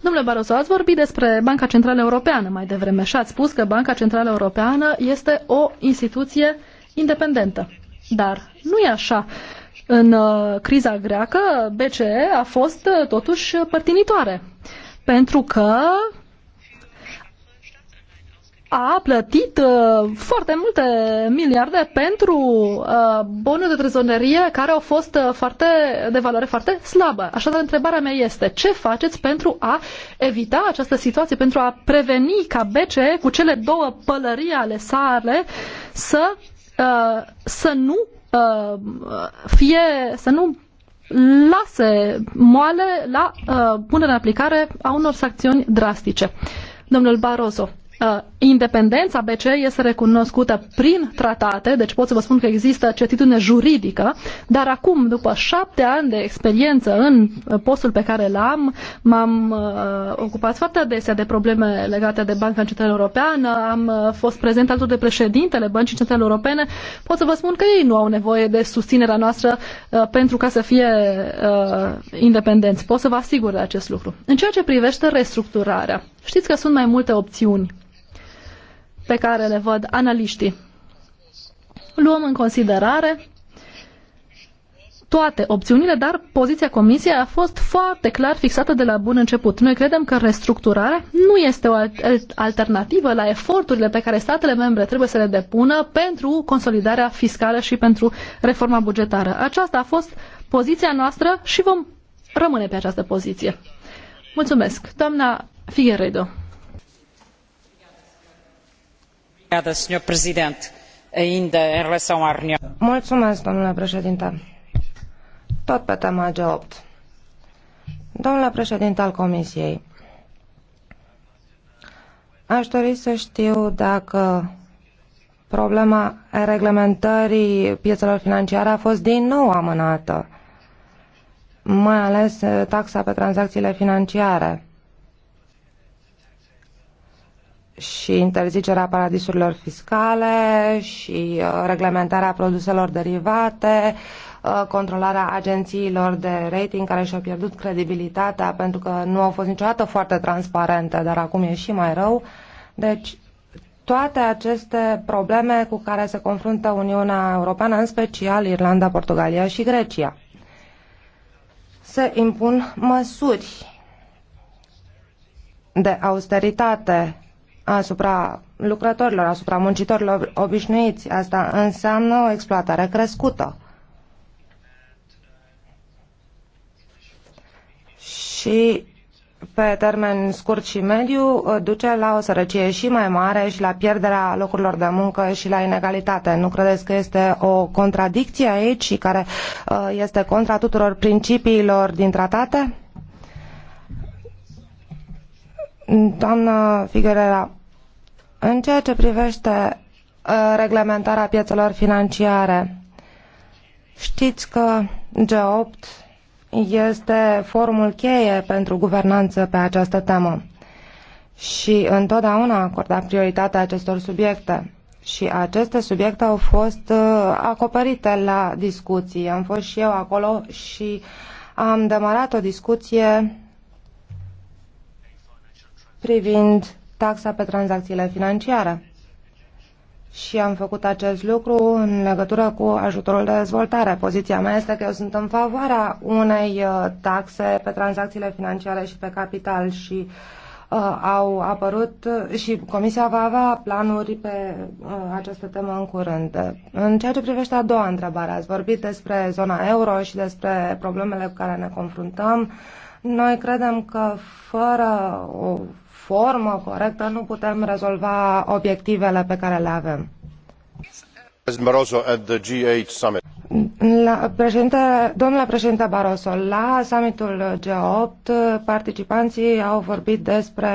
Domnule Barroso, ați vorbit despre Banca Centrală Europeană mai devreme și ați spus că Banca Centrală Europeană este o instituție independentă. Dar nu e așa. În uh, criza greacă, BCE a fost uh, totuși uh, părtinitoare, pentru că a plătit uh, foarte multe miliarde pentru uh, bonuri de trezonerie care au fost uh, foarte, de valoare foarte slabă. Așadar, întrebarea mea este, ce faceți pentru a evita această situație, pentru a preveni ca BCE cu cele două pălării ale sale să, uh, să nu Uh, fie să nu lase moale la uh, punerea în aplicare a unor sancțiuni drastice. Domnul Barroso, Uh, independența BCE este recunoscută prin tratate, deci pot să vă spun că există certitudine juridică, dar acum, după șapte ani de experiență în uh, postul pe care l-am, m-am uh, ocupat foarte adesea de probleme legate de Banca Centrală Europeană, am fost prezent alături de președintele Băncii Centrale Europene, pot să vă spun că ei nu au nevoie de susținerea noastră pentru ca să fie independenți. Pot să vă asigur de acest lucru. În ceea ce privește restructurarea, știți că sunt mai multe opțiuni pe care le văd analiștii. Luăm în considerare toate opțiunile, dar poziția Comisiei a fost foarte clar fixată de la bun început. Noi credem că restructurarea nu este o alternativă la eforturile pe care statele membre trebuie să le depună pentru consolidarea fiscală și pentru reforma bugetară. Aceasta a fost poziția noastră și vom rămâne pe această poziție. Mulțumesc. Doamna Figueredo. Tot pe tema g opt Domnule președinte al Comisiei, aș dori să știu dacă problema reglementării piețelor financiare a fost din nou amânată, mai ales eh, taxa pe tranzacțiile financiare și interzicerea paradisurilor fiscale și uh, reglementarea produselor derivate, uh, controlarea agențiilor de rating care și-au pierdut credibilitatea pentru că nu au fost niciodată foarte transparente, dar acum e și mai rău. Deci, toate aceste probleme cu care se confruntă Uniunea Europeană, în special Irlanda, Portugalia și Grecia. Se impun măsuri de austeritate asupra lucrătorilor, asupra muncitorilor obișnuiți. Asta înseamnă o exploatare crescută. Și pe termen scurt și mediu duce la o sărăcie și mai mare și la pierderea locurilor de muncă și la inegalitate. Nu credeți că este o contradicție aici și care uh, este contra tuturor principiilor din tratate? Doamna Figuerera, în ceea ce privește uh, reglementarea piețelor financiare, știți că G8 este formul cheie pentru guvernanță pe această temă și întotdeauna acorda prioritatea acestor subiecte. Și aceste subiecte au fost uh, acoperite la discuții. Am fost și eu acolo și am demarat o discuție privind taxa pe tranzacțiile financiare. Și am făcut acest lucru în legătură cu ajutorul de dezvoltare. Poziția mea este că eu sunt în favoarea unei uh, taxe pe tranzacțiile financiare și pe capital și uh, au apărut uh, și Comisia va avea planuri pe uh, această temă în curând. În ceea ce privește a doua întrebare, ați vorbit despre zona euro și despre problemele cu care ne confruntăm. Noi credem că fără o formă corectă nu putem rezolva obiectivele pe care le avem. La, președinte, domnule președinte Barroso, la summitul G8 participanții au vorbit despre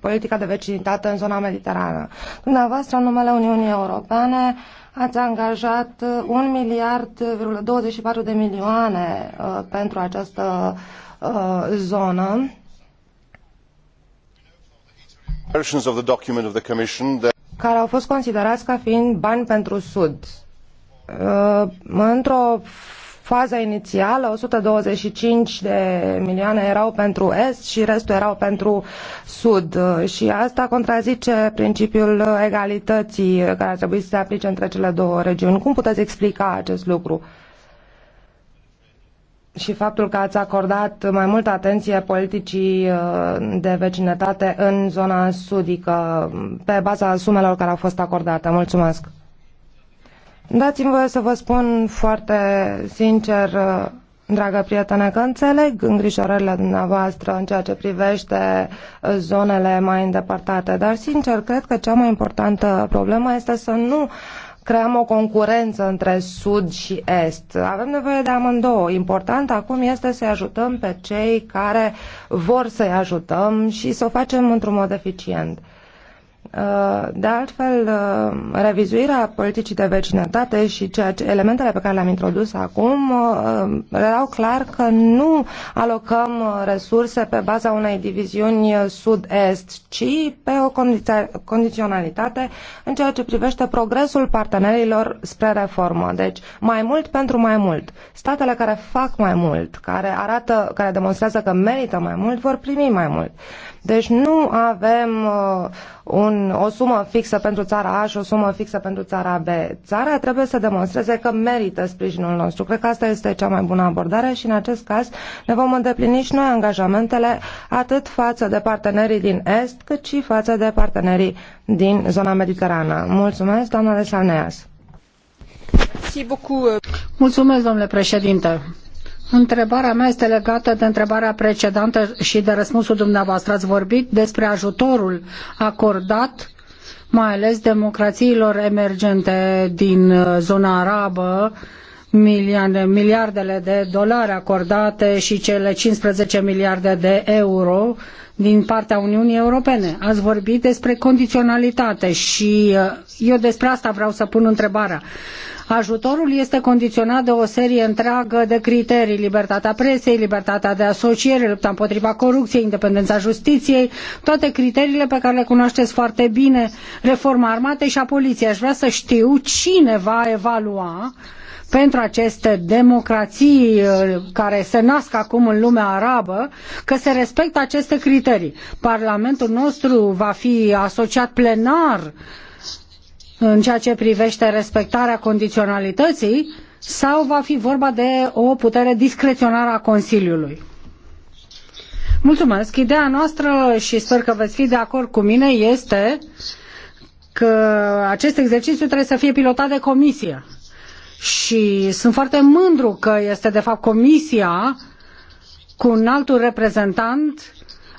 politica de vecinitate în zona mediterană. Dumneavoastră, în numele Uniunii Europene, ați angajat 1 miliard 24 de milioane uh, pentru această uh, zonă care au fost considerați ca fiind bani pentru Sud. Uh, într-o fază inițială, 125 de milioane erau pentru Est și restul erau pentru Sud. Uh, și asta contrazice principiul egalității care ar trebui să se aplice între cele două regiuni. Cum puteți explica acest lucru? și faptul că ați acordat mai multă atenție politicii uh, de vecinătate în zona sudică, pe baza sumelor care au fost acordate. Mulțumesc! Dați-mi voie să vă spun foarte sincer, uh, dragă prietene, că înțeleg îngrijorările dumneavoastră în ceea ce privește uh, zonele mai îndepărtate, dar sincer, cred că cea mai importantă problemă este să nu uh, creăm o concurență între Sud și Est. Avem nevoie de amândouă. Important acum este să-i ajutăm pe cei care vor să-i ajutăm și să o facem într-un mod eficient. Uh, de altfel, uh, revizuirea politicii de vecinătate și ceea ce, elementele pe care le-am introdus acum uh, erau clar că nu alocăm resurse pe baza unei diviziuni sud-est, ci pe o condiționalitate în ceea ce privește progresul partenerilor spre reformă. Deci, mai mult pentru mai mult. Statele care fac mai mult, care arată, care demonstrează că merită mai mult, vor primi mai mult. Deci nu avem uh, un, o sumă fixă pentru țara A și o sumă fixă pentru țara B. Țara trebuie să demonstreze că merită sprijinul nostru. Cred că asta este cea mai bună abordare și în acest caz ne vom îndeplini și noi angajamentele atât față de partenerii din Est cât și față de partenerii din zona mediterană. Mulțumesc, doamna Salneas. Mulțumesc, domnule președinte Întrebarea mea este legată de întrebarea precedentă și de răspunsul dumneavoastră. Ați vorbit despre ajutorul acordat mai ales democrațiilor emergente din uh, zona arabă, miliardele de dolari acordate și cele 15 miliarde de euro din partea Uniunii Europene. Ați vorbit despre condiționalitate și uh, eu despre asta vreau să pun întrebarea. Ajutorul este condiționat de o serie întreagă de criterii, libertatea presei, libertatea de asociere, lupta împotriva corupției, independența justiției, toate criteriile pe care le cunoașteți foarte bine, reforma armatei și a poliției. Aș vrea să știu cine va evalua pentru aceste democrații uh, care se nasc acum în lumea arabă, că se respectă aceste criterii. Parlamentul nostru va fi asociat plenar uh, în ceea ce privește respectarea condiționalității sau va fi vorba de o putere discreționară a Consiliului? Mulțumesc. Ideea noastră, și sper că veți fi de acord cu mine, este că acest exercițiu trebuie să fie pilotat de comisie. Și sunt foarte mândru că este, de fapt, comisia cu un altul reprezentant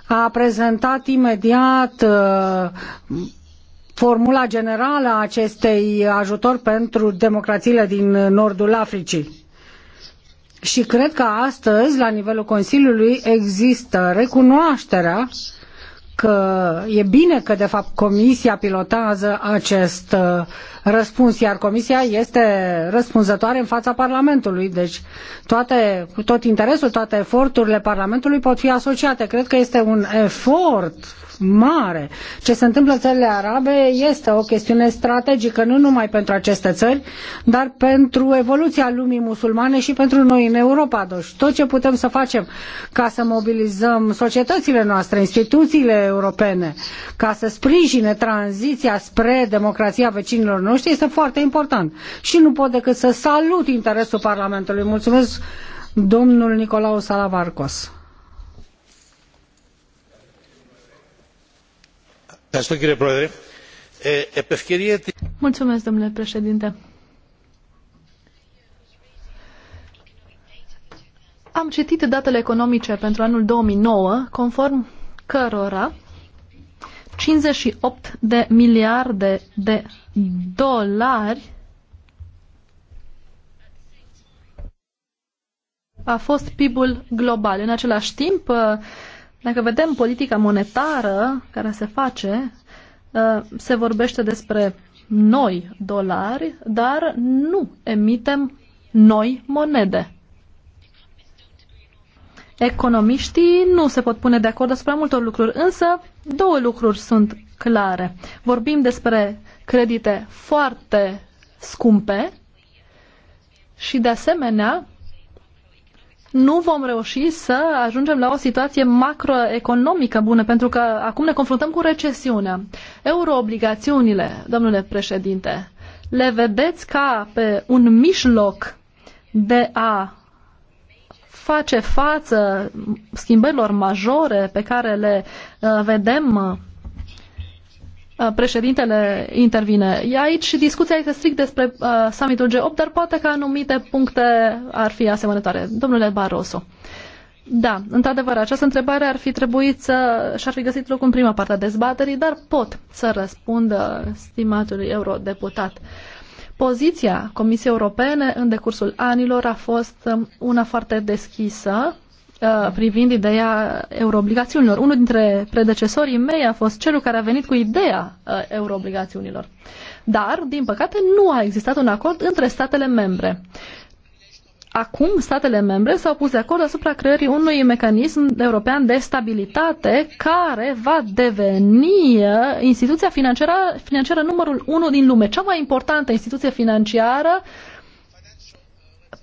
a prezentat imediat uh, formula generală a acestei ajutor pentru democrațiile din nordul Africii. Și cred că astăzi, la nivelul Consiliului, există recunoașterea că e bine că, de fapt, Comisia pilotează acest uh, răspuns, iar Comisia este răspunzătoare în fața Parlamentului. Deci toate, tot interesul, toate eforturile Parlamentului pot fi asociate. Cred că este un efort mare. Ce se întâmplă în țările arabe este o chestiune strategică, nu numai pentru aceste țări, dar pentru evoluția lumii musulmane și pentru noi în Europa. Deci tot ce putem să facem ca să mobilizăm societățile noastre, instituțiile europene, ca să sprijine tranziția spre democrația vecinilor noștri este foarte important. Și nu pot decât să salut interesul Parlamentului. Mulțumesc domnul Nicolau Salavarcos. Mulțumesc, domnule președinte. Am citit datele economice pentru anul 2009, conform cărora 58 de miliarde de dolari a fost PIB-ul global. În același timp, dacă vedem politica monetară care se face, ă, se vorbește despre noi dolari, dar nu emitem noi monede. Economiștii nu se pot pune de acord asupra multor lucruri, însă două lucruri sunt clare. Vorbim despre credite foarte scumpe și, de asemenea, nu vom reuși să ajungem la o situație macroeconomică bună, pentru că acum ne confruntăm cu recesiunea. Euroobligațiunile, domnule președinte, le vedeți ca pe un mijloc de a face față schimbărilor majore pe care le uh, vedem Uh, președintele intervine. Aici discuția este strict despre uh, summitul G8, dar poate că anumite puncte ar fi asemănătoare. Domnule Barroso. Da, într-adevăr, această întrebare ar fi trebuit să și-ar fi găsit loc în prima parte a dezbaterii, dar pot să răspundă uh, stimatului eurodeputat. Poziția Comisiei Europene în decursul anilor a fost um, una foarte deschisă Uh, privind ideea euroobligațiunilor. Unul dintre predecesorii mei a fost celul care a venit cu ideea uh, euroobligațiunilor. Dar, din păcate, nu a existat un acord între statele membre. Acum, statele membre s-au pus de acord asupra creării unui mecanism european de stabilitate care va deveni uh, instituția financiară, financiară numărul 1 din lume, cea mai importantă instituție financiară uh,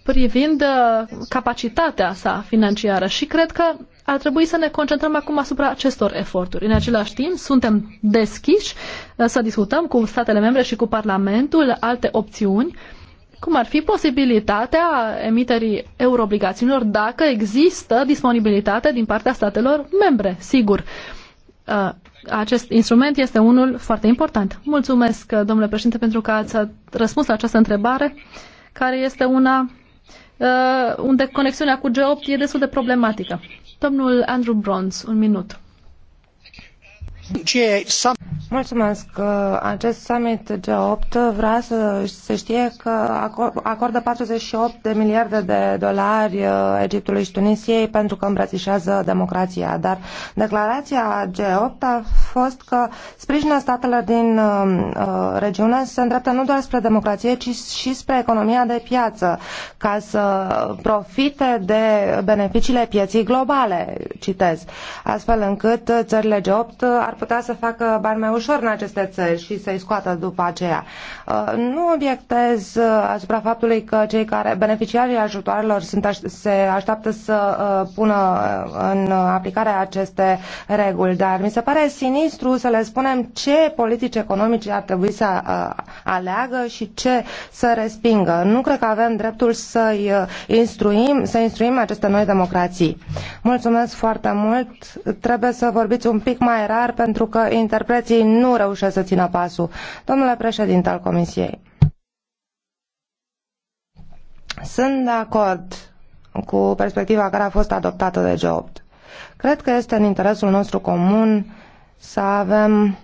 privind uh, capacitatea sa financiară și cred că ar trebui să ne concentrăm acum asupra acestor eforturi. În același timp, suntem deschiși uh, să discutăm cu statele membre și cu Parlamentul alte opțiuni, cum ar fi posibilitatea emiterii euroobligațiunilor dacă există disponibilitate din partea statelor membre, sigur. Uh, acest instrument este unul foarte important. Mulțumesc, domnule președinte, pentru că ați răspuns la această întrebare, care este una Uh, unde conexiunea cu G8 e destul de problematică. Domnul Andrew Brons, un minut. Mulțumesc. Acest summit G8 vrea să se știe că acordă 48 de miliarde de dolari uh, Egiptului și Tunisiei pentru că îmbrățișează democrația. Dar declarația G8 a fost că sprijină statele din uh, uh, regiune să se îndreptă nu doar spre democrație, ci și spre economia de piață, ca să profite de beneficiile pieții globale, citez, astfel încât țările G8 ar ar putea să facă bani mai ușor în aceste țări și să-i scoată după aceea. Uh, nu obiectez uh, asupra faptului că cei care beneficiarii ajutoarelor sunt, se așteaptă să uh, pună în aplicare aceste reguli, dar mi se pare sinistru să le spunem ce politici economice ar trebui să aleagă și ce să respingă. Nu cred că avem dreptul să-i instruim, să instruim aceste noi democrații. Mulțumesc foarte mult. Trebuie să vorbiți un pic mai rar pentru că interpreții nu reușesc să țină pasul. Domnule președinte al Comisiei, sunt de acord cu perspectiva care a fost adoptată de G8. Cred că este în interesul nostru comun să avem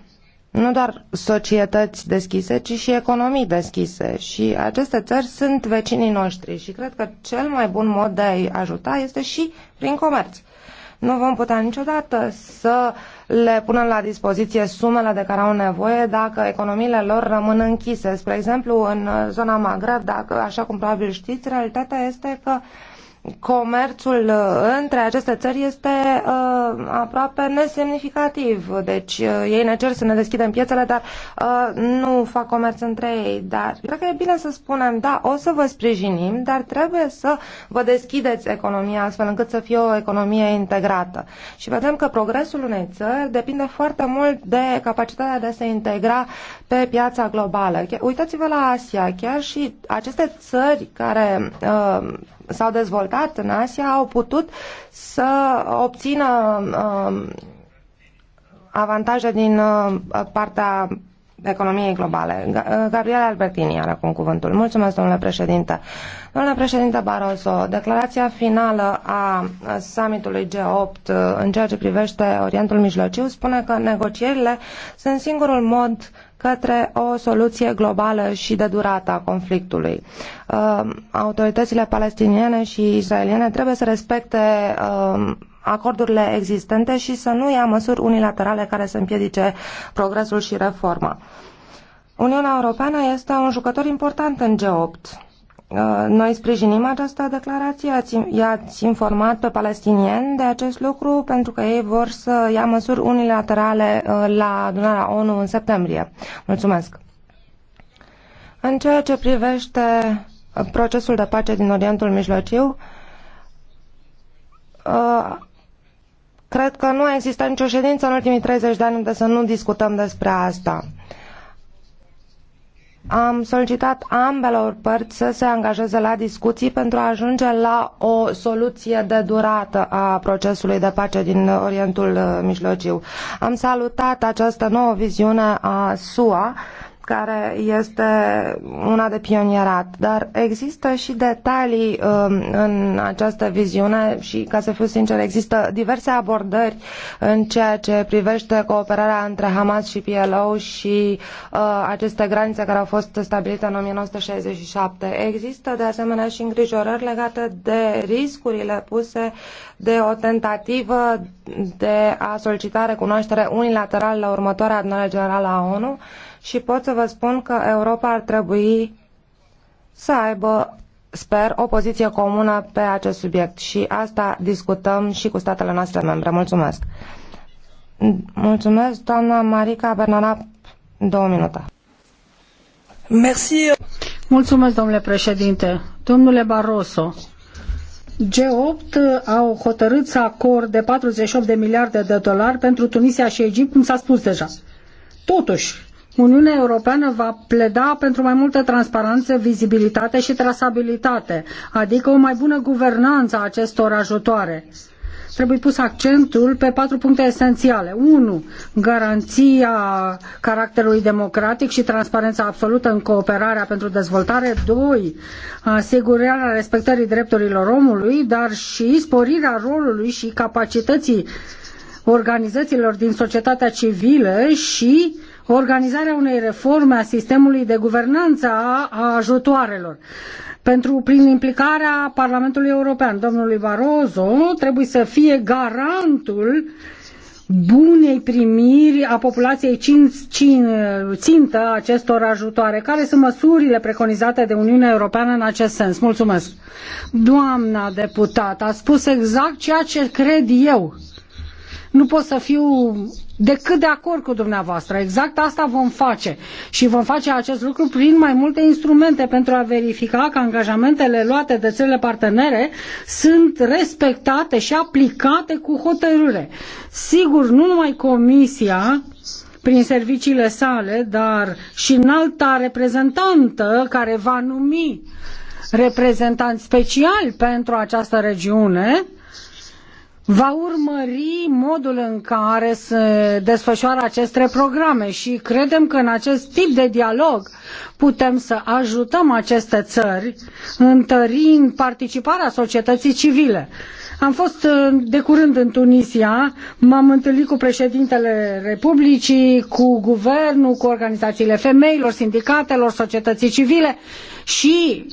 nu doar societăți deschise, ci și economii deschise. Și aceste țări sunt vecinii noștri și cred că cel mai bun mod de a-i ajuta este și prin comerț nu vom putea niciodată să le punem la dispoziție sumele de care au nevoie dacă economiile lor rămân închise. Spre exemplu, în zona Maghreb, dacă, așa cum probabil știți, realitatea este că comerțul uh, între aceste țări este uh, aproape nesemnificativ. Deci uh, ei ne cer să ne deschidem piețele, dar uh, nu fac comerț între ei. Dar cred că e bine să spunem, da, o să vă sprijinim, dar trebuie să vă deschideți economia astfel încât să fie o economie integrată. Și vedem că progresul unei țări depinde foarte mult de capacitatea de a se integra pe piața globală. Uitați-vă la Asia, chiar și aceste țări care uh, s-au dezvoltat în Asia au putut să obțină um, avantaje din uh, partea economiei globale. Uh, Gabriela Albertini are acum cuvântul. Mulțumesc, domnule președinte. Domnule președinte Barroso, declarația finală a summitului G8 uh, în ceea ce privește Orientul Mijlociu spune că negocierile sunt singurul mod către o soluție globală și de durată a conflictului. Uh, autoritățile palestiniene și israeliene trebuie să respecte acordurile existente și să nu ia măsuri unilaterale care să împiedice progresul și reforma. Uniunea Europeană este un jucător important în G8. Uh, noi sprijinim această declarație, i-ați informat pe palestinieni de acest lucru pentru că ei vor să ia măsuri unilaterale uh, la adunarea ONU în septembrie. Mulțumesc! În ceea ce privește uh, procesul de pace din Orientul Mijlociu, Cred că nu a existat nicio ședință în ultimii 30 de ani unde să nu discutăm despre asta. Am solicitat ambelor părți să se angajeze la discuții pentru a ajunge la o soluție de durată a procesului de pace din Orientul Mijlociu. Am salutat această nouă viziune a SUA care este una de pionierat, dar există și detalii um, în această viziune și, ca să fiu sincer, există diverse abordări în ceea ce privește cooperarea între Hamas și PLO și uh, aceste granițe care au fost stabilite în 1967. Există, de asemenea, și îngrijorări legate de riscurile puse de o tentativă de a solicita recunoaștere unilaterală la următoarea adunare generală a ONU și pot să vă spun că Europa ar trebui să aibă, sper, o poziție comună pe acest subiect și asta discutăm și cu statele noastre membre. Mulțumesc! Mulțumesc, doamna Marica Bernarab, două minute. Merci. Mulțumesc, domnule președinte. Domnule Barroso, G8 au hotărât să acorde 48 de miliarde de dolari pentru Tunisia și Egipt, cum s-a spus deja. Totuși, Uniunea Europeană va pleda pentru mai multă transparență, vizibilitate și trasabilitate, adică o mai bună guvernanță a acestor ajutoare trebuie pus accentul pe patru puncte esențiale. 1. Garanția caracterului democratic și transparența absolută în cooperarea pentru dezvoltare. 2. Asigurarea respectării drepturilor omului, dar și sporirea rolului și capacității organizațiilor din societatea civilă și organizarea unei reforme a sistemului de guvernanță a ajutoarelor. Pentru, prin implicarea Parlamentului European, domnului Barroso trebuie să fie garantul bunei primiri a populației cin, cin, țintă acestor ajutoare. Care sunt măsurile preconizate de Uniunea Europeană în acest sens? Mulțumesc. Doamna deputată, a spus exact ceea ce cred eu nu pot să fiu decât de acord cu dumneavoastră. Exact asta vom face. Și vom face acest lucru prin mai multe instrumente pentru a verifica că angajamentele luate de țările partenere sunt respectate și aplicate cu hotărâre. Sigur, nu numai Comisia prin serviciile sale, dar și înalta reprezentantă care va numi reprezentanți speciali pentru această regiune, uh, va urmări modul în care se desfășoară aceste programe și credem că în acest tip de dialog putem să ajutăm aceste țări întărind participarea societății civile. Am fost uh, de curând în Tunisia, m-am întâlnit cu președintele Republicii, cu guvernul, cu organizațiile femeilor, sindicatelor, societății civile și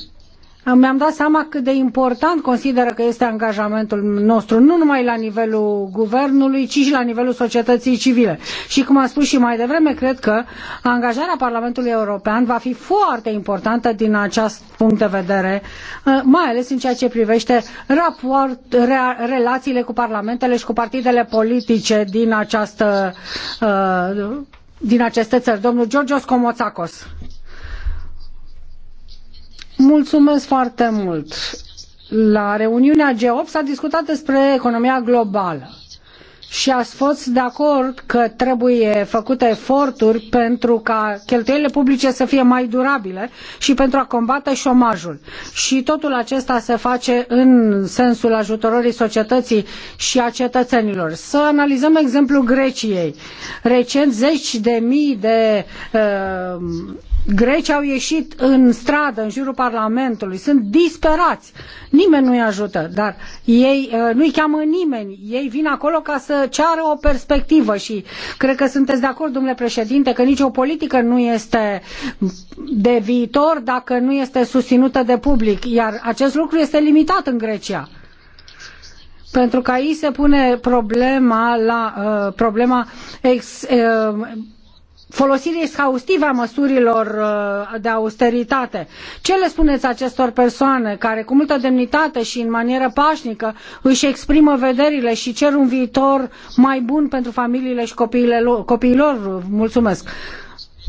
mi-am dat seama cât de important consideră că este angajamentul nostru, nu numai la nivelul guvernului, ci și la nivelul societății civile. Și cum am spus și mai devreme, cred că angajarea Parlamentului European va fi foarte importantă din acest punct de vedere, uh, mai ales în ceea ce privește raport, relațiile cu parlamentele și cu partidele politice din această uh, din aceste țări. Domnul Georgios Komotsakos. Mulțumesc foarte mult. La reuniunea G8 s-a discutat despre economia globală și ați fost de acord că trebuie făcute eforturi pentru ca cheltuielile publice să fie mai durabile și pentru a combate șomajul. Și totul acesta se face în sensul ajutorării societății și a cetățenilor. Să analizăm exemplul Greciei. Recent zeci de mii de uh, Greci au ieșit în stradă, în jurul Parlamentului, sunt disperați, nimeni nu-i ajută, dar ei uh, nu-i cheamă nimeni, ei vin acolo ca să ceară o perspectivă și cred că sunteți de acord, domnule președinte, că nicio politică nu este de viitor dacă nu este susținută de public, iar acest lucru este limitat în Grecia pentru că aici se pune problema la uh, problema ex, uh, folosire exhaustivă a măsurilor uh, de austeritate. Ce le spuneți acestor persoane care cu multă demnitate și în manieră pașnică își exprimă vederile și cer un viitor mai bun pentru familiile și copiilor? Mulțumesc!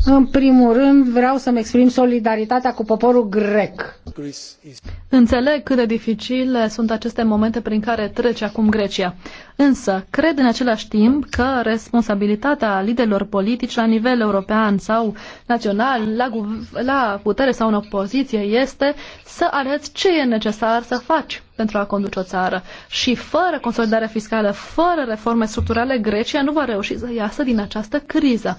În primul rând, vreau să-mi exprim solidaritatea cu poporul grec. Înțeleg cât de dificile sunt aceste momente prin care trece acum Grecia. Însă, cred în același timp că responsabilitatea liderilor politici la nivel european sau național, la, la putere sau în opoziție, este să arăți ce e necesar să faci pentru a conduce o țară. Și fără consolidare fiscală, fără reforme structurale, Grecia nu va reuși să iasă din această criză.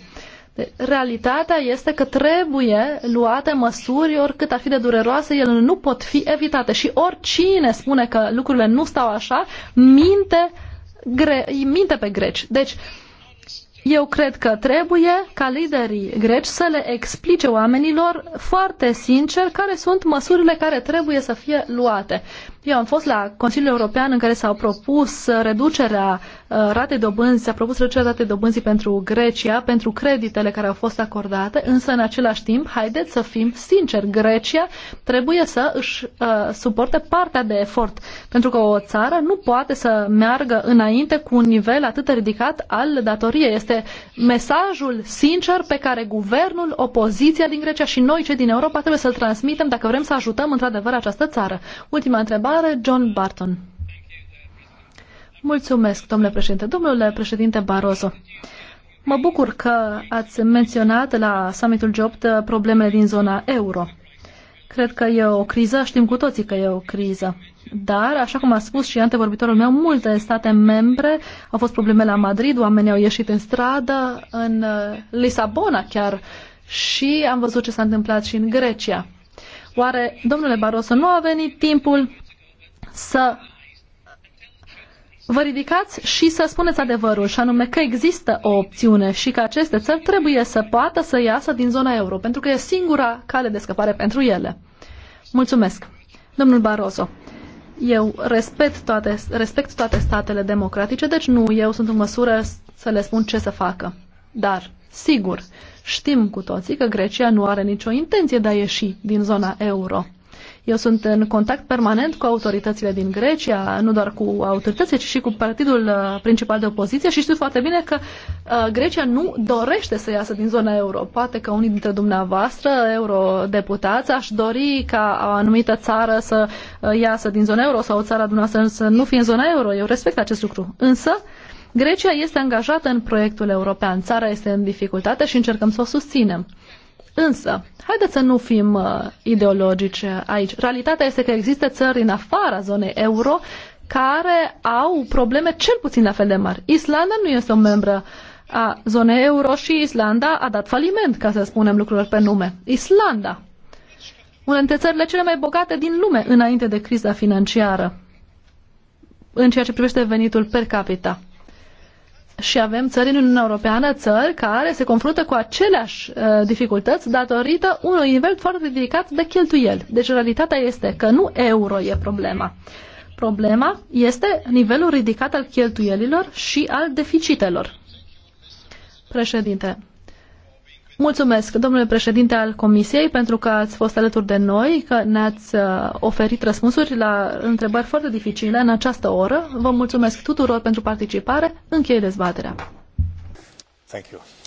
Realitatea este că trebuie luate măsuri, oricât ar fi de dureroase, ele nu pot fi evitate. Și oricine spune că lucrurile nu stau așa, minte, gre- minte pe greci. Deci, eu cred că trebuie ca liderii greci să le explice oamenilor foarte sincer care sunt măsurile care trebuie să fie luate. Eu am fost la Consiliul European în care s-au propus uh, reducerea uh, ratei dobânzii, s-a propus reducerea ratei dobânzii pentru Grecia, pentru creditele care au fost acordate, însă în același timp, haideți să fim sinceri, Grecia trebuie să își uh, suporte partea de efort, pentru că o țară nu poate să meargă înainte cu un nivel atât de ridicat al datoriei. Este mesajul sincer pe care guvernul, opoziția din Grecia și noi, cei din Europa, trebuie să-l transmitem dacă vrem să ajutăm într-adevăr această țară. Ultima întrebare întrebare, John Barton. Mulțumesc, domnule președinte. Domnule președinte Barroso, mă bucur că ați menționat la summitul G8 problemele din zona euro. Cred că e o criză, știm cu toții că e o criză. Dar, așa cum a spus și antevorbitorul meu, multe state membre au fost probleme la Madrid, oamenii au ieșit în stradă, în uh, Lisabona chiar, și am văzut ce s-a întâmplat și în Grecia. Oare, domnule Barroso, nu a venit timpul să vă ridicați și să spuneți adevărul, și anume că există o opțiune și că aceste țări trebuie să poată să iasă din zona euro, pentru că e singura cale de scăpare pentru ele. Mulțumesc. Domnul Barroso, eu respect toate, respect toate statele democratice, deci nu eu sunt în măsură să le spun ce să facă. Dar, sigur, știm cu toții că Grecia nu are nicio intenție de a ieși din zona euro. Eu sunt în contact permanent cu autoritățile din Grecia, nu doar cu autoritățile, ci și cu partidul uh, principal de opoziție și știu foarte bine că uh, Grecia nu dorește să iasă din zona euro. Poate că unii dintre dumneavoastră, eurodeputați, aș dori ca o anumită țară să uh, iasă din zona euro sau o țară dumneavoastră să nu fie în zona euro. Eu respect acest lucru. Însă, Grecia este angajată în proiectul european. Țara este în dificultate și încercăm să o susținem. Însă, haideți să nu fim uh, ideologici aici. Realitatea este că există țări în afara zonei euro care au probleme cel puțin la fel de mari. Islanda nu este o membră a zonei euro și Islanda a dat faliment, ca să spunem lucrurile pe nume. Islanda, una dintre țările cele mai bogate din lume înainte de criza financiară, în ceea ce privește venitul per capita și avem țări în Uniunea Europeană, țări care se confruntă cu aceleași uh, dificultăți datorită unui nivel foarte ridicat de cheltuieli. Deci realitatea este că nu euro e problema. Problema este nivelul ridicat al cheltuielilor și al deficitelor. Președinte, Mulțumesc, domnule președinte al Comisiei, pentru că ați fost alături de noi, că ne-ați uh, oferit răspunsuri la întrebări foarte dificile în această oră. Vă mulțumesc tuturor pentru participare. Închei dezbaterea. Thank you.